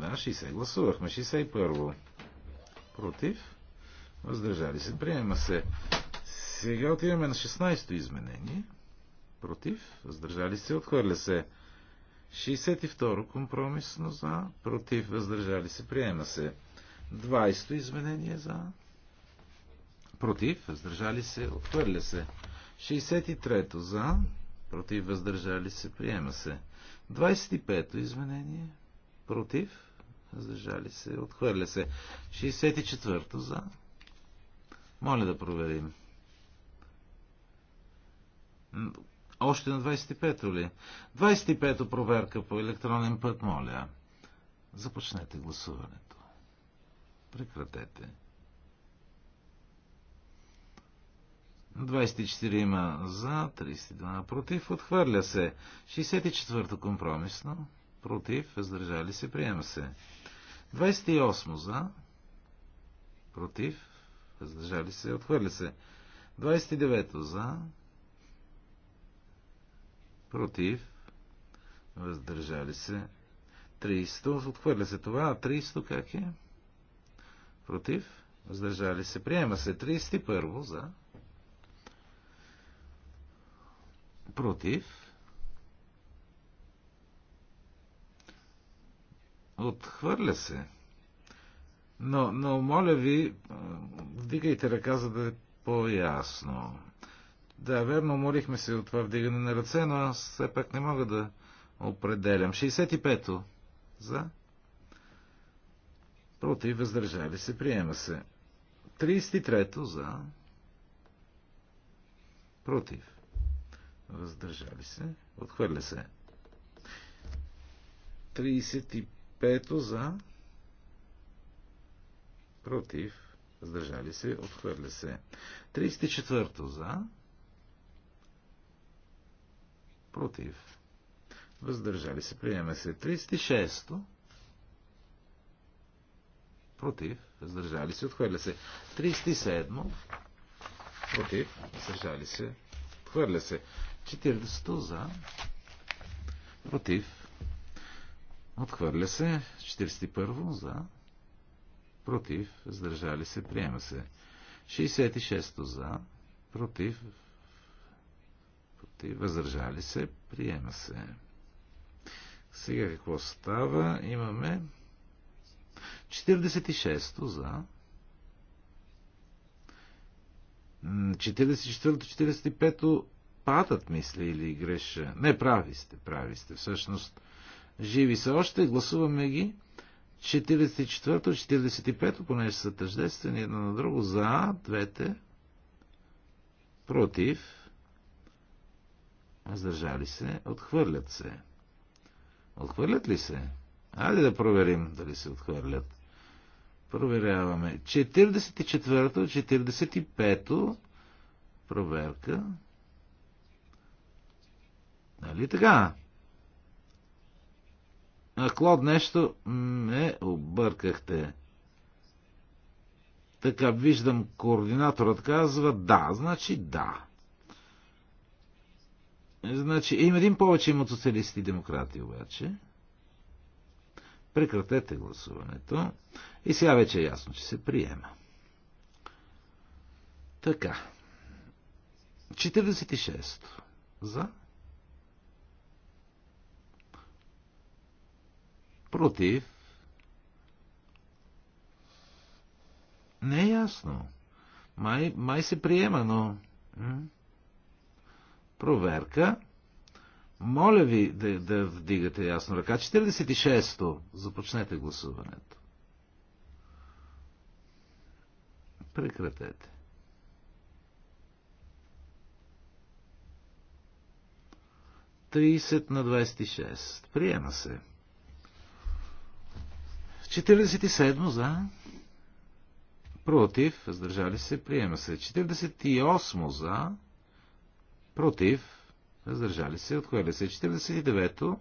да, 60 гласувахме. 61. Против. Въздържали се. Приема се. Сега отиваме на 16-то изменение. Против. Въздържали се. Отхвърля се. 62 компромисно за. Против. Въздържали се. Приема се. 20-то изменение за. Против. Въздържали се. Отхвърля се. 63-то за. Против. Въздържали се. Приема се. 25-то изменение против, въздържали се, отхвърля се. 64-то за. Моля да проверим. Още на 25-то ли? 25-то проверка по електронен път, моля. Започнете гласуването. Прекратете. 24 има за, 32 против, отхвърля се. 64-то компромисно против, въздържали се, приема се. 28 за, против, въздържали се, отхвърля се. 29 за, против, въздържали се. 300, отхвърля се това, а 300 как е? Против, въздържали се, приема се. 31 за, против, Отхвърля се. Но, но моля ви, вдигайте ръка, за да е по-ясно. Да, верно, молихме се от това вдигане на ръце, но аз все пак не мога да определям. 65-то. За? Против, въздържали се, приема се. 33-то за. Против. Въздържали се. Отхвърля се. 35. Пето за. Против. Сдържали се. Отхвърля се. 34 за. Против. Въздържали се. Приема се. 36 Против. Въздържали се. Отхвърля се. 37 Против. Въздържали се. Отхвърля се. 40 за. Против Отхвърля се. 41 за. Против. Въздържали се. Приема се. 66 за. Против. Против. Въздържали се. Приема се. Сега какво става? Имаме 46 за. 44-45 патът мисля, или греша. Не, прави сте, прави сте. Всъщност, Живи са още, гласуваме ги. 44 45-то, понеже са тъждествени едно на друго, за двете, против, въздържали се, отхвърлят се. Отхвърлят ли се? Хайде да проверим дали се отхвърлят. Проверяваме. 44-то, 45-то, проверка. Нали така? А Клод нещо ме объркахте. Така виждам, координаторът казва да, значи да. Значи, има един повече имат социалисти и демократи обаче. Прекратете гласуването. И сега вече е ясно, че се приема. Така. 46. За. Против. Не е ясно. Май, май се приема, но... М? Проверка. Моля ви да, да вдигате ясно ръка. 46-то. Започнете гласуването. Прекратете. Тридесет на 26. Приема се. 47 за. Против. Въздържали се. Приема се. 48 за. Против. Въздържали се. Отхвърля се. 49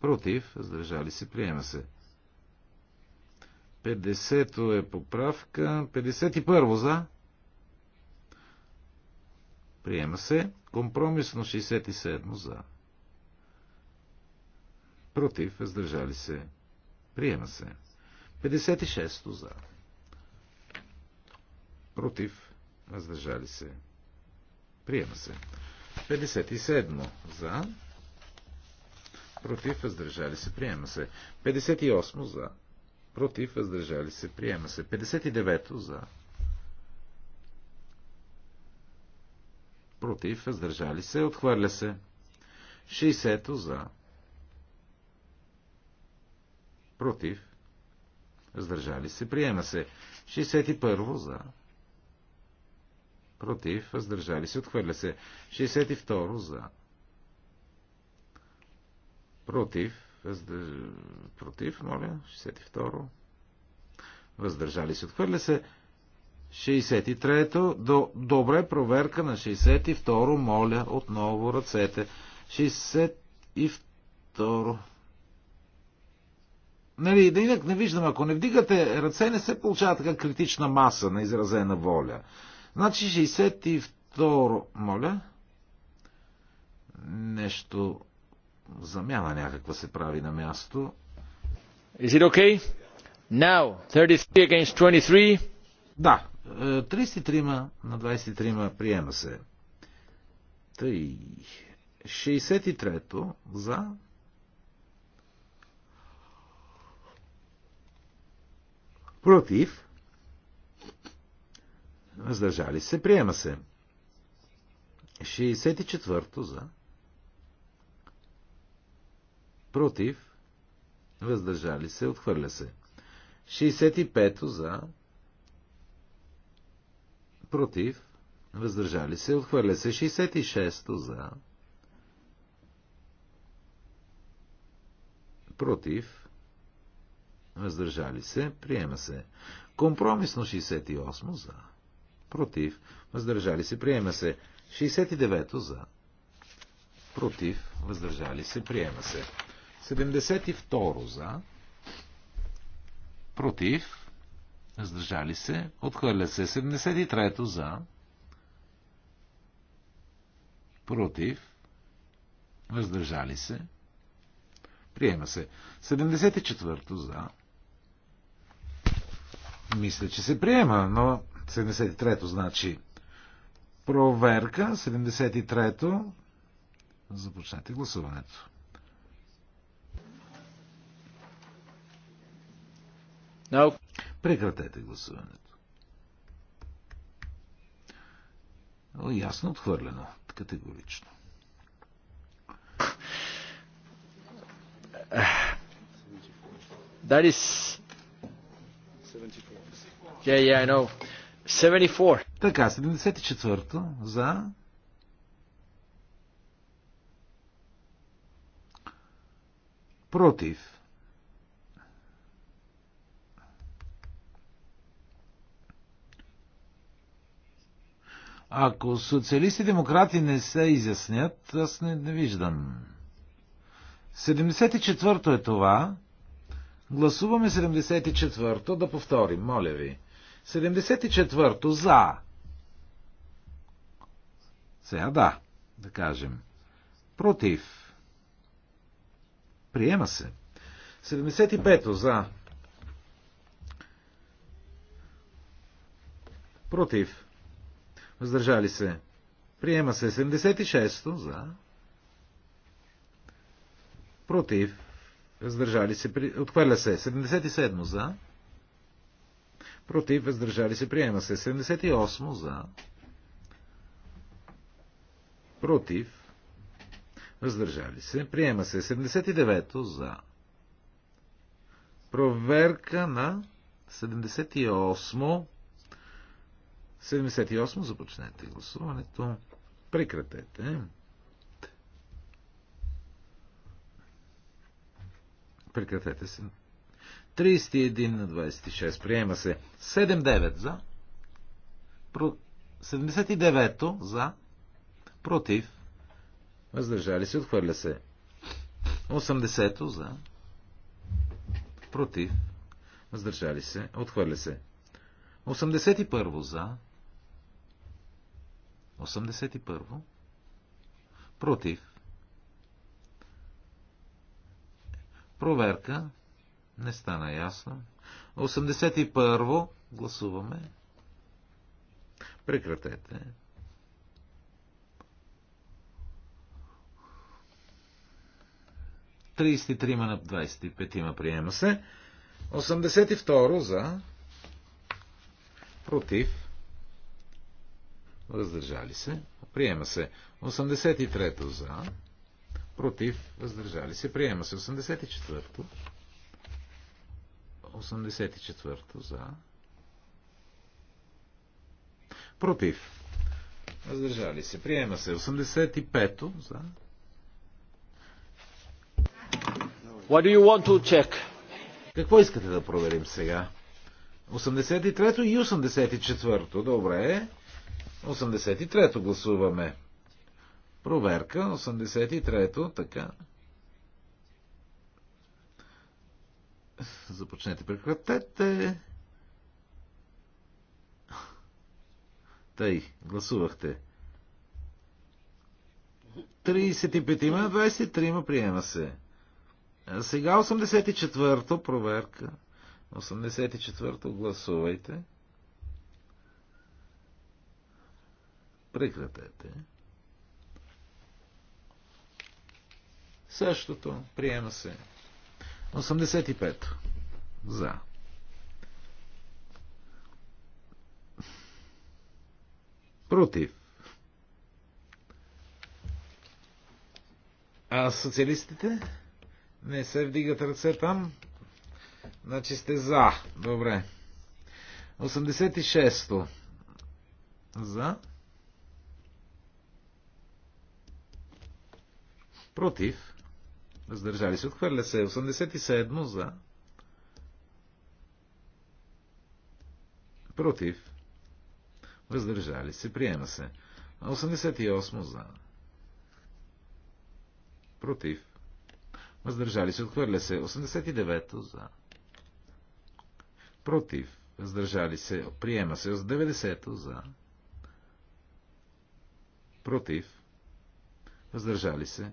Против. Въздържали се. Приема се. 50-то е поправка. 51 за. Приема се. Компромисно 67 за. Против. Въздържали се. Приема се. 56 за. Против. Въздържали се. Приема се. 57 за. Против. Въздържали се. Приема се. 58 за. Против. Въздържали се. Приема се. 59 за. Против. Въздържали се. Отхвърля се. 60 за Против. Въздържали се. Приема се. 61 за. Против. Въздържали се. Отхвърля се. 62 за. Против. Въздърж... Против, моля. 62 Въздържали се. Отхвърля се. 63-то. До... Добре, проверка на 62 Моля, отново ръцете. 62 Нали, да инак не виждам, ако не вдигате ръце, не се получава така критична маса на изразена воля. Значи 62, моля, нещо, замяна някаква се прави на място. Is it okay? Now, 33 against 23. Да, 33 е, на 23 приема се. Тъй. 63 за Против. Въздържали се. Приема се. 64-то за. Против. Въздържали се. Отхвърля се. 65-то за. Против. Въздържали се. Отхвърля се. 66-то за. Против въздържали се, приема се. Компромисно 68 за, против, въздържали се, приема се. 69 за, против, въздържали се, приема се. 72 за, против, въздържали се, отхвърля се. 73 за, против, въздържали се, приема се. 74 за, мисля, че се приема, но 73-то значи проверка, 73-то. Започнете гласуването. No. Прекратете гласуването. Ясно отхвърлено, категорично. That is Yeah, yeah, I know. 74. Така, 74-то за... Против. Ако социалисти и демократи не се изяснят, аз не, не виждам. 74-то е това. Гласуваме 74-то да повторим, моля ви. 74-то за. Сега да, да кажем. Против. Приема се. 75-то за. Против. Въздържали се. Приема се 76-то за. Против. Въздържали се. Отхвърля се. 77 за против, въздържали се, приема се. 78 за, против, въздържали се, приема се. 79 за, проверка на 78 78 започнете гласуването. Прекратете. Прекратете се. 31 на 26. Приема се. 79 за. 79-то за. Против. Въздържали се. Отхвърля се. 80-то за. Против. Въздържали се. Отхвърля се. 81-во за. 81-во. Против. Проверка. Не стана ясно. 81-во. Гласуваме. Прекратете. Тридесет трима на 25 има приема се. 82 за. Против. Въздържали се. Приема се. 83 за. Против. Въздържали се. Приема се. 84 -то. 84-то за. Против. Въздържали се. Приема се. 85-то за. What do you want to check? Какво искате да проверим сега? 83-то и 84-то. Добре. 83-то гласуваме. Проверка. 83-то. Така. Започнете, прекратете. Тъй, гласувахте. 35 има, 23 има, приема се. А сега 84-то проверка. 84-то гласувайте. Прекратете. Същото приема се. 85. За. Против. А социалистите? Не се вдигат ръце там. Значи сте за. Добре. 86-то. За. Против. Въздържали се. Отхвърля се. 87 за. Против. Въздържали се. Приема се. 88 за. Против. Въздържали се. Отхвърля се. 89 за. Против. Въздържали се. Приема се. 90 за. Против. Въздържали се.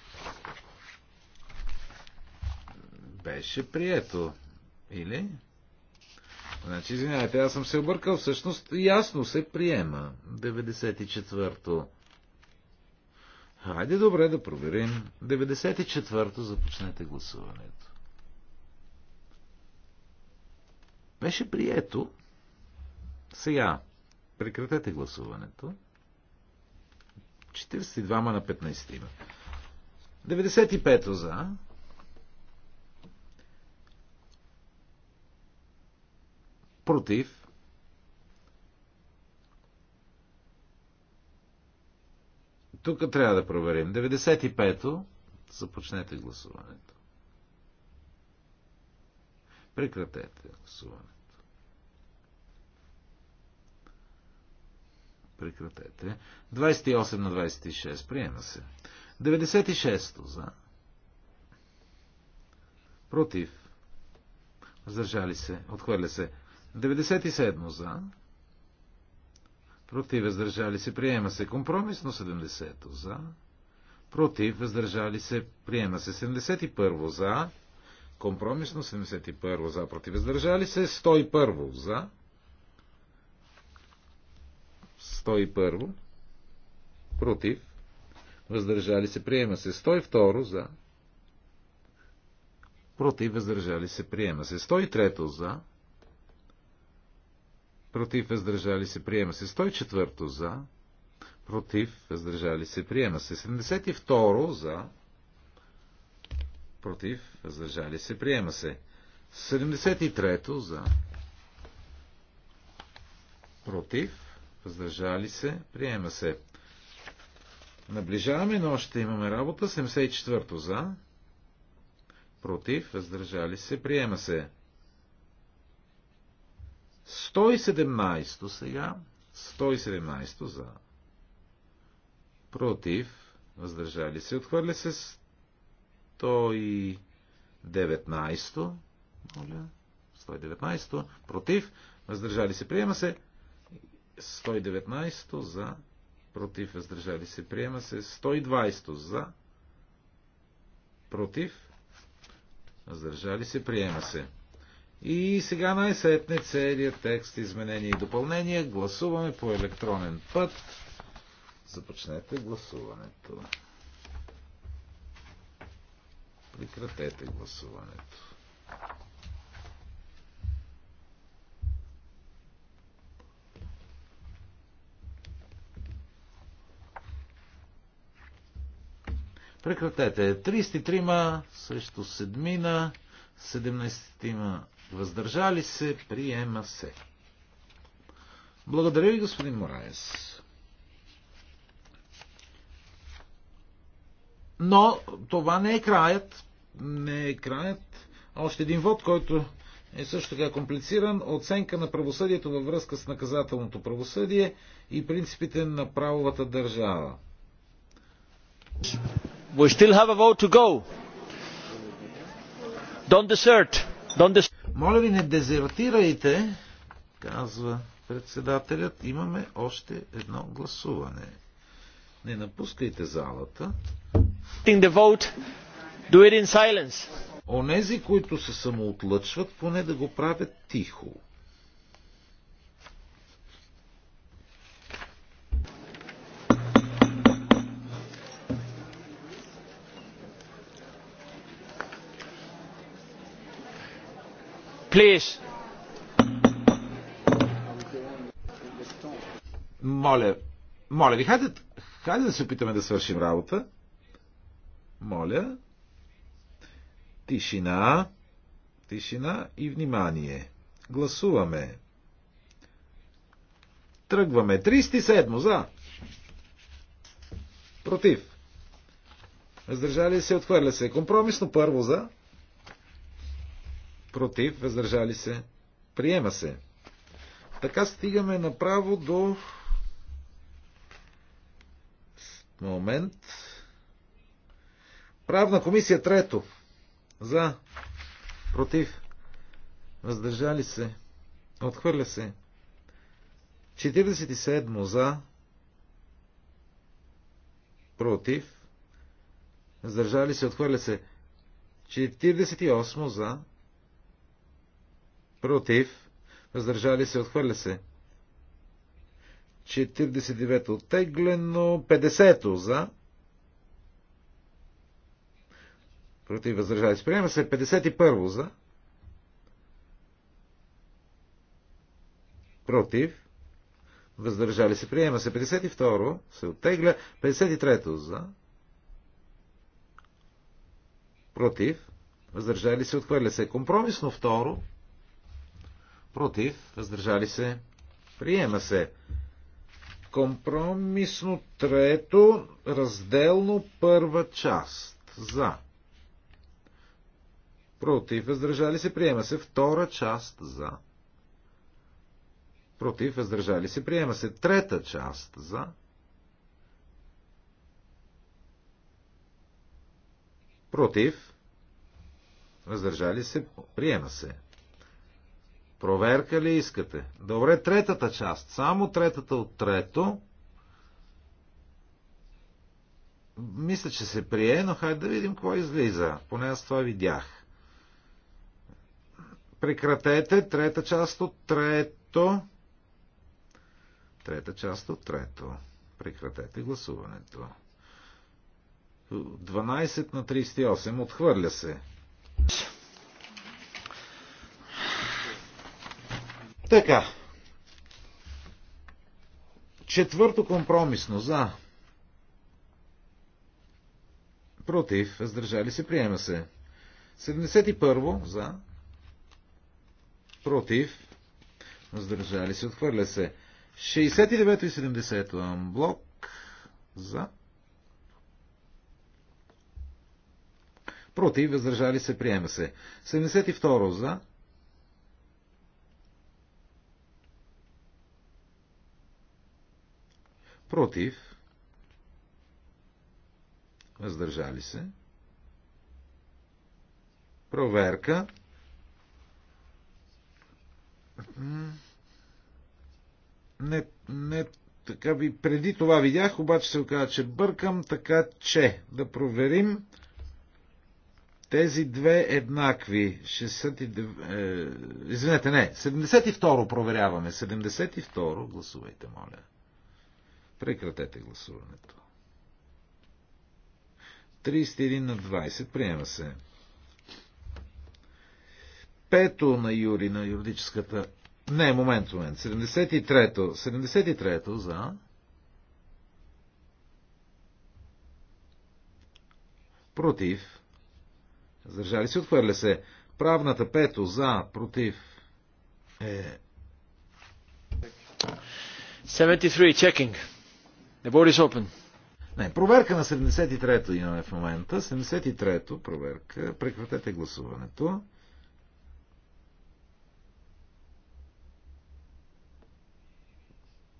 беше прието. Или? Значи, извинявайте, аз съм се объркал. Всъщност, ясно се приема. 94-то. Хайде добре да проверим. 94-то започнете гласуването. Беше прието. Сега, прекратете гласуването. 42 на 15 има. 95 за, Против. Тук трябва да проверим. 95-то. Започнете гласуването. Прекратете гласуването. Прекратете. 28 на 26. Приема се. 96-то за. Против. Въздържали се. Отхвърля се. 97 за. Против въздържали се приема се компромисно 70 за. Против въздържали се приема се 71 за. Компромисно 71 за. Против въздържали се 101 за. 101 против въздържали се приема се 102 за. Против въздържали се приема се 103 за против, въздържали се, приема се. 104 за, против, въздържали се, приема се. 72 за, против, въздържали се, приема се. 73 за, против, въздържали се, приема се. Наближаваме, но още имаме работа. 74 за, против, въздържали се, приема се. 117 сега. 117 за. Против. Въздържали се. Отхвърля се 119. Моля. 119. Против. Въздържали се. Приема се. 119 за. Против. Въздържали се. Приема се. 120 за. Против. Въздържали се. Приема се. И сега най-сетне целият текст, изменение и допълнение. Гласуваме по електронен път. Започнете гласуването. Прекратете гласуването. Прекратете. 33 срещу 7, 17 Въздържали се, приема се. Благодаря ви, господин Мораес. Но това не е краят. Не е краят. Още един вод, който е също така комплициран. Оценка на правосъдието във връзка с наказателното правосъдие и принципите на правовата държава. We still have a vote to go. Don't desert. Don't desert. Моля ви, не дезертирайте, казва председателят. Имаме още едно гласуване. Не напускайте залата. Онези, които се самоотлъчват, поне да го правят тихо. Моля, моля ви, хайде, хайде да се опитаме да свършим работа. Моля. Тишина. Тишина и внимание. Гласуваме. Тръгваме. 37 за. Против. Въздържали се, отхвърля се. Компромисно първо за против, въздържали се, приема се. Така стигаме направо до момент. Правна комисия трето. За. Против. Въздържали се. Отхвърля се. 47 за. Против. Въздържали се. Отхвърля се. 48 за против, въздържали се, отхвърля се. 49 оттеглено, 50 за, против, въздържали се, приема се, 51 за, против, въздържали се, приема се, 52 се оттегля, 53 за, против, въздържали се, отхвърля се. Компромисно второ, Против. Въздържали се. Приема се. Компромисно трето, разделно първа част. За. Против. Въздържали се. Приема се. Втора част. За. Против. Въздържали се. Приема се. Трета част. За. Против. Въздържали се. Приема се. Проверка ли искате? Добре, третата част. Само третата от трето. Мисля, че се прие, но хайде да видим кой излиза. Поне аз това видях. Прекратете трета част от трето. Трета част от трето. Прекратете гласуването. 12 на 38 отхвърля се. Така. Четвърто компромисно за. Против. Въздържали се. Приема се. 71 за. Против. Въздържали се. Отхвърля се. 69 и 70 блок за. Против. Въздържали се. Приема се. 72 за. против, въздържали се, проверка, не, не, така би, преди това видях, обаче се оказа, че бъркам, така че, да проверим тези две еднакви, 69, е, извинете, не, 72 проверяваме, 72 гласувайте, моля. Прекратете гласуването. 31 на 20. Приема се. Пето на Юри на юридическата... Не, момент, момент. 73-то. 73-то за... Против. Задържали се, отхвърля се. Правната пето за, против. Е... 73, checking. The board is open. Не, проверка на 73-то имаме в момента. 73-то проверка. Прекратете гласуването.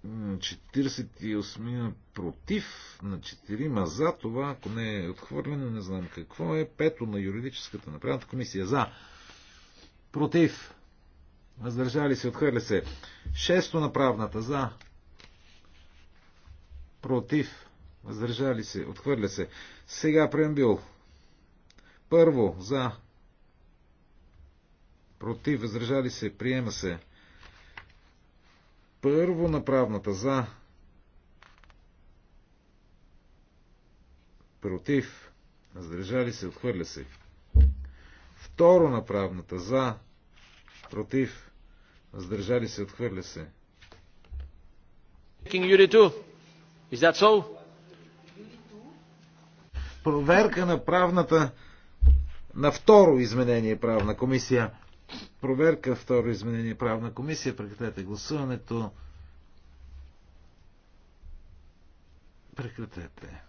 На 48 против, на 4 за, това ако не е отхвърлено, не знам какво е. Пето на юридическата направената комисия за. Против. Въздържали се, отхвърля се. Шесто на правната за против, въздържали се, отхвърля се. Сега преамбил. Първо, за, против, въздържали се, приема се. Първо направната за, против, въздържали се, отхвърля се. Второ направната за, против, въздържали се, отхвърля се. you 2. Is that so? Проверка на правната на второ изменение правна комисия. Проверка второ изменение правна комисия. Прекратете гласуването. Прекратете.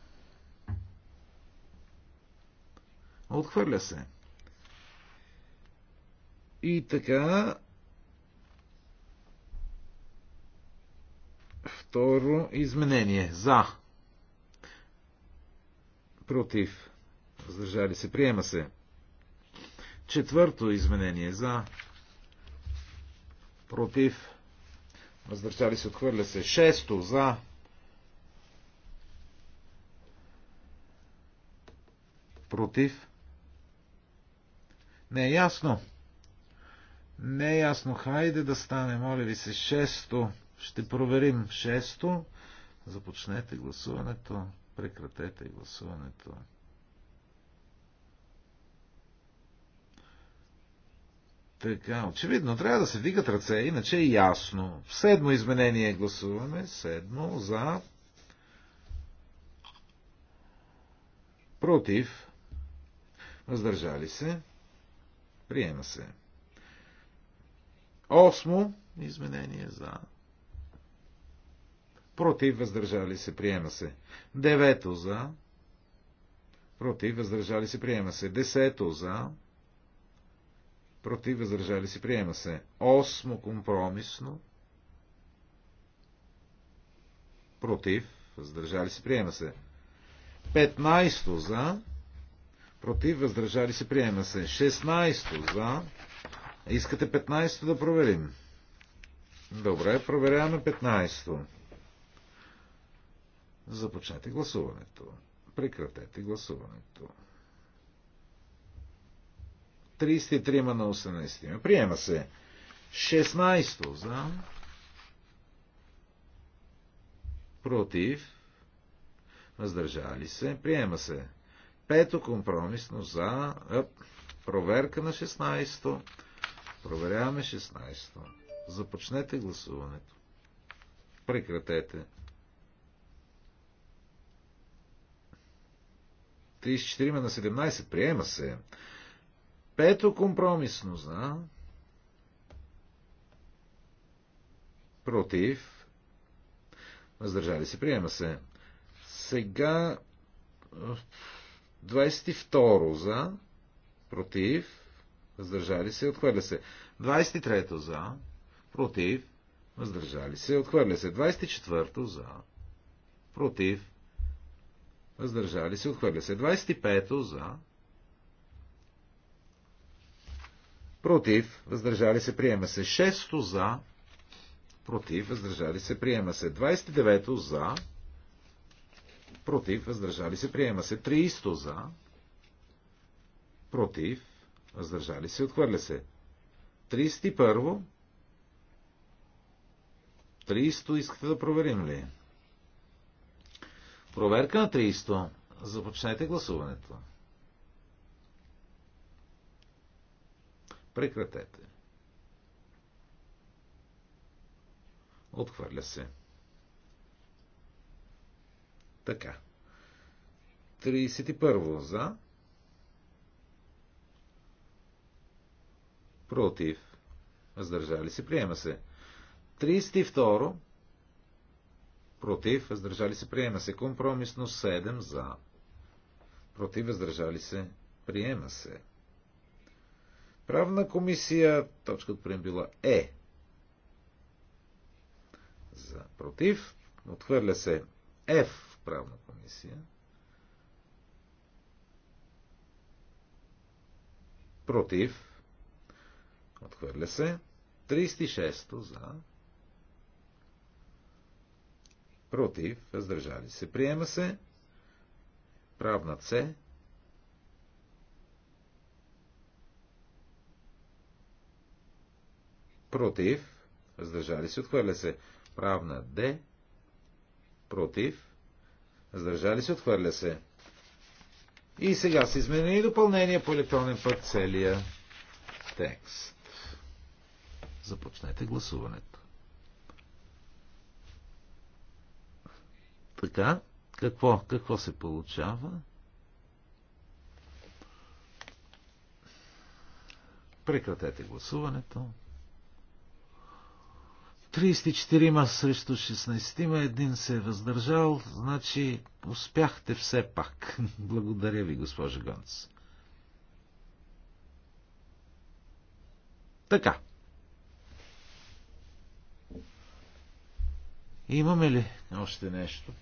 Отхвърля се. И така, Второ изменение. За. Против. Въздържали се. Приема се. Четвърто изменение. За. Против. Въздържали се. Отхвърля се. Шесто. За. Против. Не е ясно. Не е ясно. Хайде да стане, моля ви се. Шесто. Ще проверим шесто. Започнете гласуването. Прекратете гласуването. Така, очевидно, трябва да се вдигат ръце, иначе е ясно. Седмо изменение гласуваме. Седмо за. Против. Въздържали се. Приема се. Осмо изменение за против, въздържали се, приема се. Девето за, против, въздържали се, приема се. Десето за, против, въздържали се, приема се. Осмо компромисно, против, въздържали се, приема се. Петнайсто за, против, въздържали се, приема се. Шестнайсто за, искате петнайсто да проверим. Добре, проверяваме петнайсто. Започнете гласуването. Прекратете гласуването. 33 на 18. Приема се. 16 за. Против. Въздържали се. Приема се. Пето компромисно за. Е, проверка на 16-то. Проверяваме 16-то. Започнете гласуването. Прекратете. 34 на 17. Приема се. Пето компромисно за. Против. Въздържали се. Приема се. Сега 22 за. Против. Въздържали се. Отхвърля се. 23 за. Против. Въздържали се. Отхвърля се. 24 за. Против въздържали се, отхвърля се. 25-то за, против, въздържали се, приема се. 6-то за, против, въздържали се, приема се. 29-то за, против, въздържали се, приема се. 30-то за, против, въздържали се, отхвърля се. 31-во, 30-то искате да проверим ли? Проверка на триисто. Започнете гласуването. Прекратете. Отхвърля се. Така. 31 за. Против. Въздържали се. Приема се. 32 против, въздържали се, приема се. Компромисно 7 за, против, въздържали се, приема се. Правна комисия, точка от преамбила е. За против, отхвърля се F в правна комисия. Против, отхвърля се 36 за против, въздържали се. Приема се. правна се. Против, въздържали се. Отхвърля се. Правна Д. Против, въздържали се. Отхвърля се. И сега са изменени допълнения по електронен път целия текст. Започнете гласуването. Така, какво, какво се получава? Прекратете гласуването. 34 срещу 16 ма, един се е въздържал, значи успяхте все пак. Благодаря ви, госпожа Гонц. Така. Имаме ли още нещо?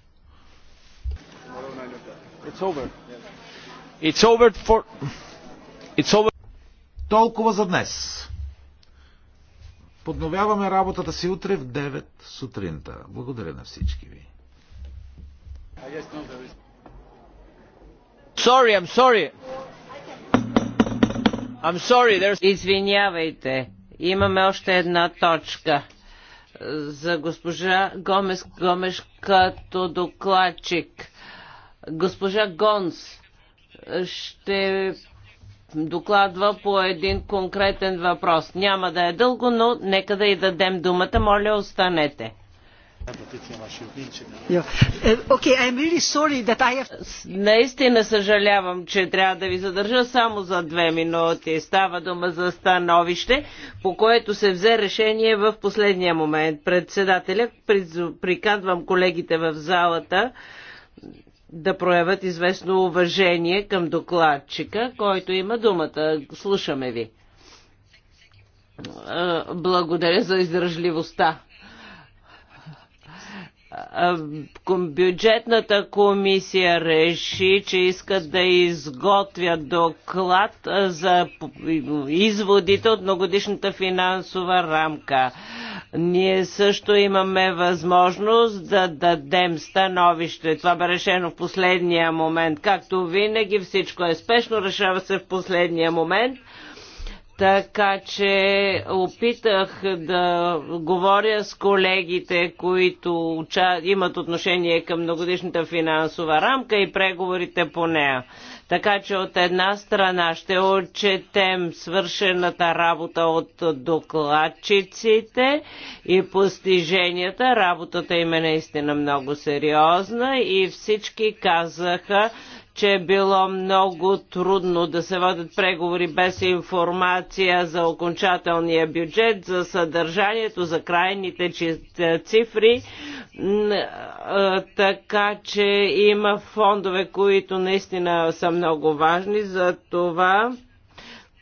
Толкова за днес. Подновяваме работата си утре в 9 сутринта. Благодаря на всички ви. Sorry, I'm sorry. I'm sorry, there's... Извинявайте, имаме още една точка за госпожа Гомес, Гомеш като докладчик. Госпожа Гонс ще докладва по един конкретен въпрос. Няма да е дълго, но нека да й дадем думата. Моля, останете. Eh, наистина съжалявам, че трябва да ви задържа само за две минути. Става дума за становище, по което се взе решение в последния момент. Председателя, приказвам колегите в залата да проявят известно уважение към докладчика, който има думата. Слушаме ви. Е, благодаря за издържливостта бюджетната комисия реши, че искат да изготвят доклад за изводите от многодишната финансова рамка. Ние също имаме възможност да дадем становище. Това бе решено в последния момент. Както винаги, всичко е спешно, решава се в последния момент. Така че опитах да говоря с колегите, които имат отношение към многодишната финансова рамка и преговорите по нея. Така че от една страна ще отчетем свършената работа от докладчиците и постиженията. Работата им е наистина много сериозна и всички казаха, че е било много трудно да се водят преговори без информация за окончателния бюджет, за съдържанието, за крайните е, цифри, е, така че има фондове, които наистина са много важни за това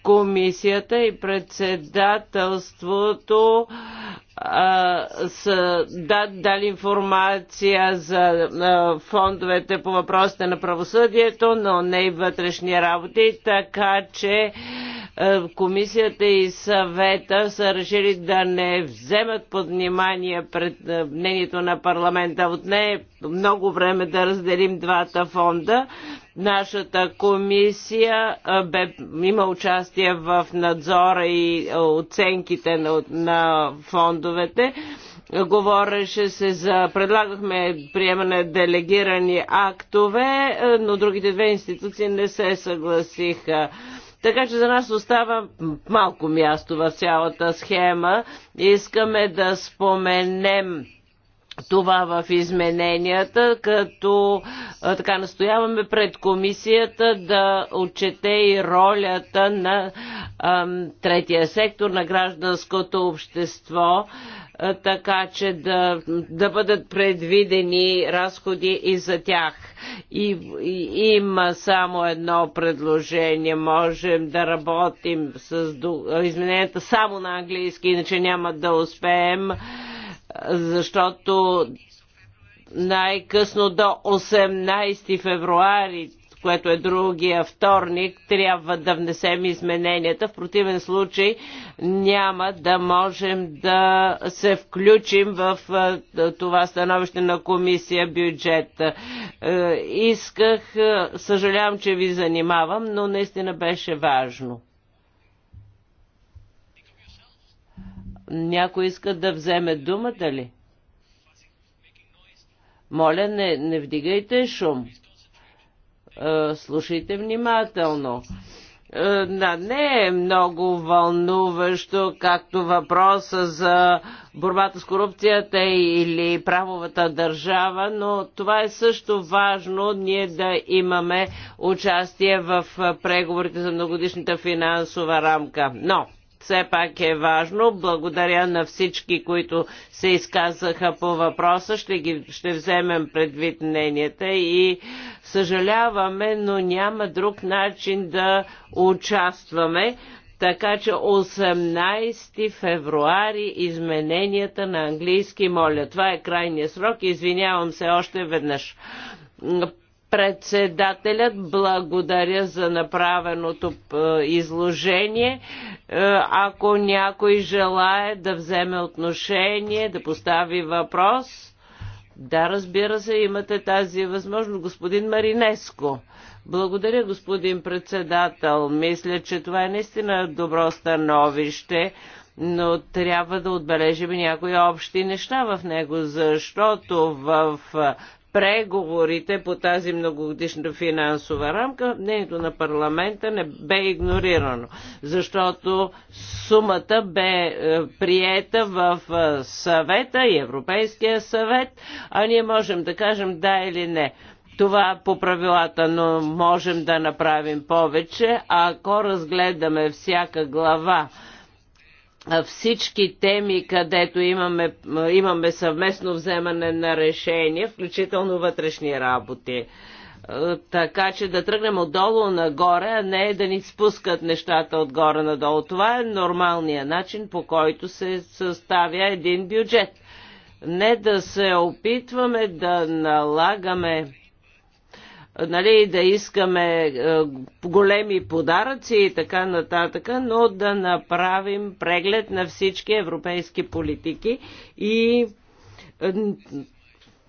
комисията и председателството са да, дали информация за фондовете по въпросите на правосъдието, но не и вътрешни работи, така че комисията и съвета са решили да не вземат под внимание пред мнението на парламента. От нея е много време да разделим двата фонда. Нашата комисия бе, има участие в надзора и оценките на, на фонда фондовете. Говореше се за, предлагахме приемане делегирани актове, е, но другите две институции не се съгласиха. Така че за нас остава малко място в цялата схема. Искаме да споменем това в измененията, като е, така настояваме пред комисията да отчете и ролята на третия сектор, на гражданското общество, така че да, да бъдат предвидени разходи и за тях. И, и има само едно предложение. Можем да работим с измененията само на английски, иначе няма да успеем, защото най-късно до 18 февруари което е другия вторник, трябва да внесем измененията. В противен случай няма да можем да се включим в това становище на комисия бюджет. Исках, съжалявам, че ви занимавам, но наистина беше важно. Някой иска да вземе думата ли? Моля, не, не вдигайте шум. Е, слушайте внимателно. Да, е, не е много вълнуващо, както въпроса за борбата с корупцията или правовата държава, но това е също важно ние да имаме участие в е, преговорите за многодишната финансова рамка. Но, все пак е важно. Благодаря на всички, които се изказаха по въпроса. Ще, ги, ще вземем предвид мненията и съжаляваме, но няма друг начин да участваме. Така че 18 февруари измененията на английски моля. Това е крайния срок. Извинявам се още веднъж Председателят благодаря за направеното е, изложение. Е, ако някой желая да вземе отношение, да постави въпрос, да, разбира се, имате тази възможност, господин Маринеско. Благодаря, господин председател. Мисля, че това е наистина добро становище, но трябва да отбележим някои общи неща в него, защото в преговорите по тази многогодишна финансова рамка, мнението на парламента не бе игнорирано, защото сумата бе е, приета в е, съвета и Европейския съвет, а ние можем да кажем да или не. Това по правилата, но можем да направим повече, ако разгледаме всяка глава всички теми, където имаме, имаме съвместно вземане на решения, включително вътрешни работи. Е, така че да тръгнем отдолу нагоре, а не да ни спускат нещата отгоре надолу. Това е нормалният начин, по който се съставя един бюджет. Не да се опитваме да налагаме нали, да искаме е, големи подаръци и така нататък, но да направим преглед на всички европейски политики и е,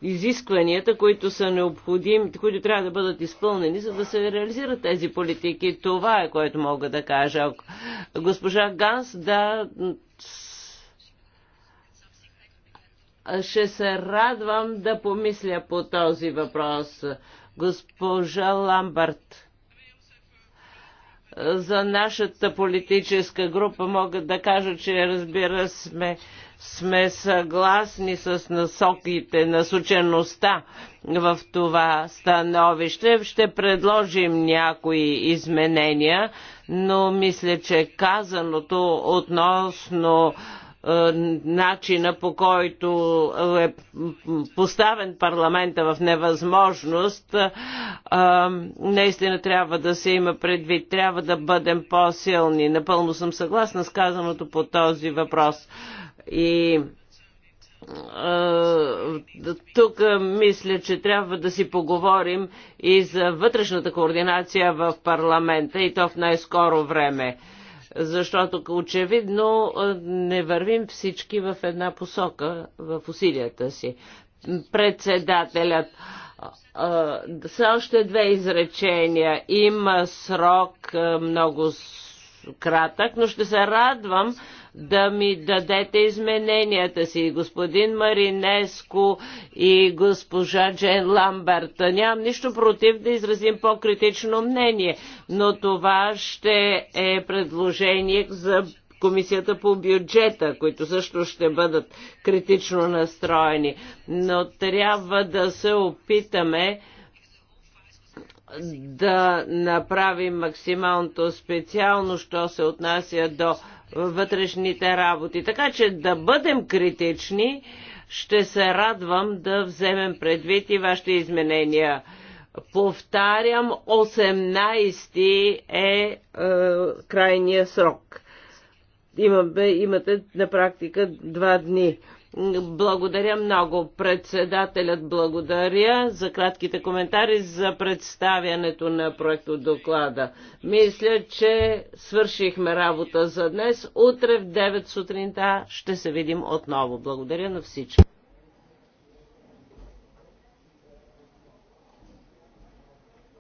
изискванията, които са необходими, които трябва да бъдат изпълнени, за да се реализират тези политики. Това е което мога да кажа. Госпожа Ганс, да, ще се радвам да помисля по този въпрос госпожа Ламбард. За нашата политическа група мога да кажа, че разбира сме сме съгласни с насоките, насочеността в това становище. Ще предложим някои изменения, но мисля, че казаното относно е, начина по който е поставен парламента в невъзможност, е, наистина трябва да се има предвид. Трябва да бъдем по-силни. Напълно съм съгласна с казаното по този въпрос. И е, тук мисля, че трябва да си поговорим и за вътрешната координация в парламента и то в най-скоро време защото очевидно не вървим всички в една посока в усилията си. Председателят са още две изречения. Има срок много кратък, но ще се радвам да ми дадете измененията си. Господин Маринеско и госпожа Джен Ламберт. Нямам нищо против да изразим по-критично мнение, но това ще е предложение за Комисията по бюджета, които също ще бъдат критично настроени. Но трябва да се опитаме да направим максималното специално, що се отнася до вътрешните работи. Така че да бъдем критични, ще се радвам да вземем предвид и вашите изменения. Повтарям, 18 е, е крайния срок. Имаме, имате на практика два дни. Благодаря много. Председателят благодаря за кратките коментари за представянето на проекто доклада. Мисля, че свършихме работа за днес. Утре в 9 сутринта ще се видим отново. Благодаря на всички.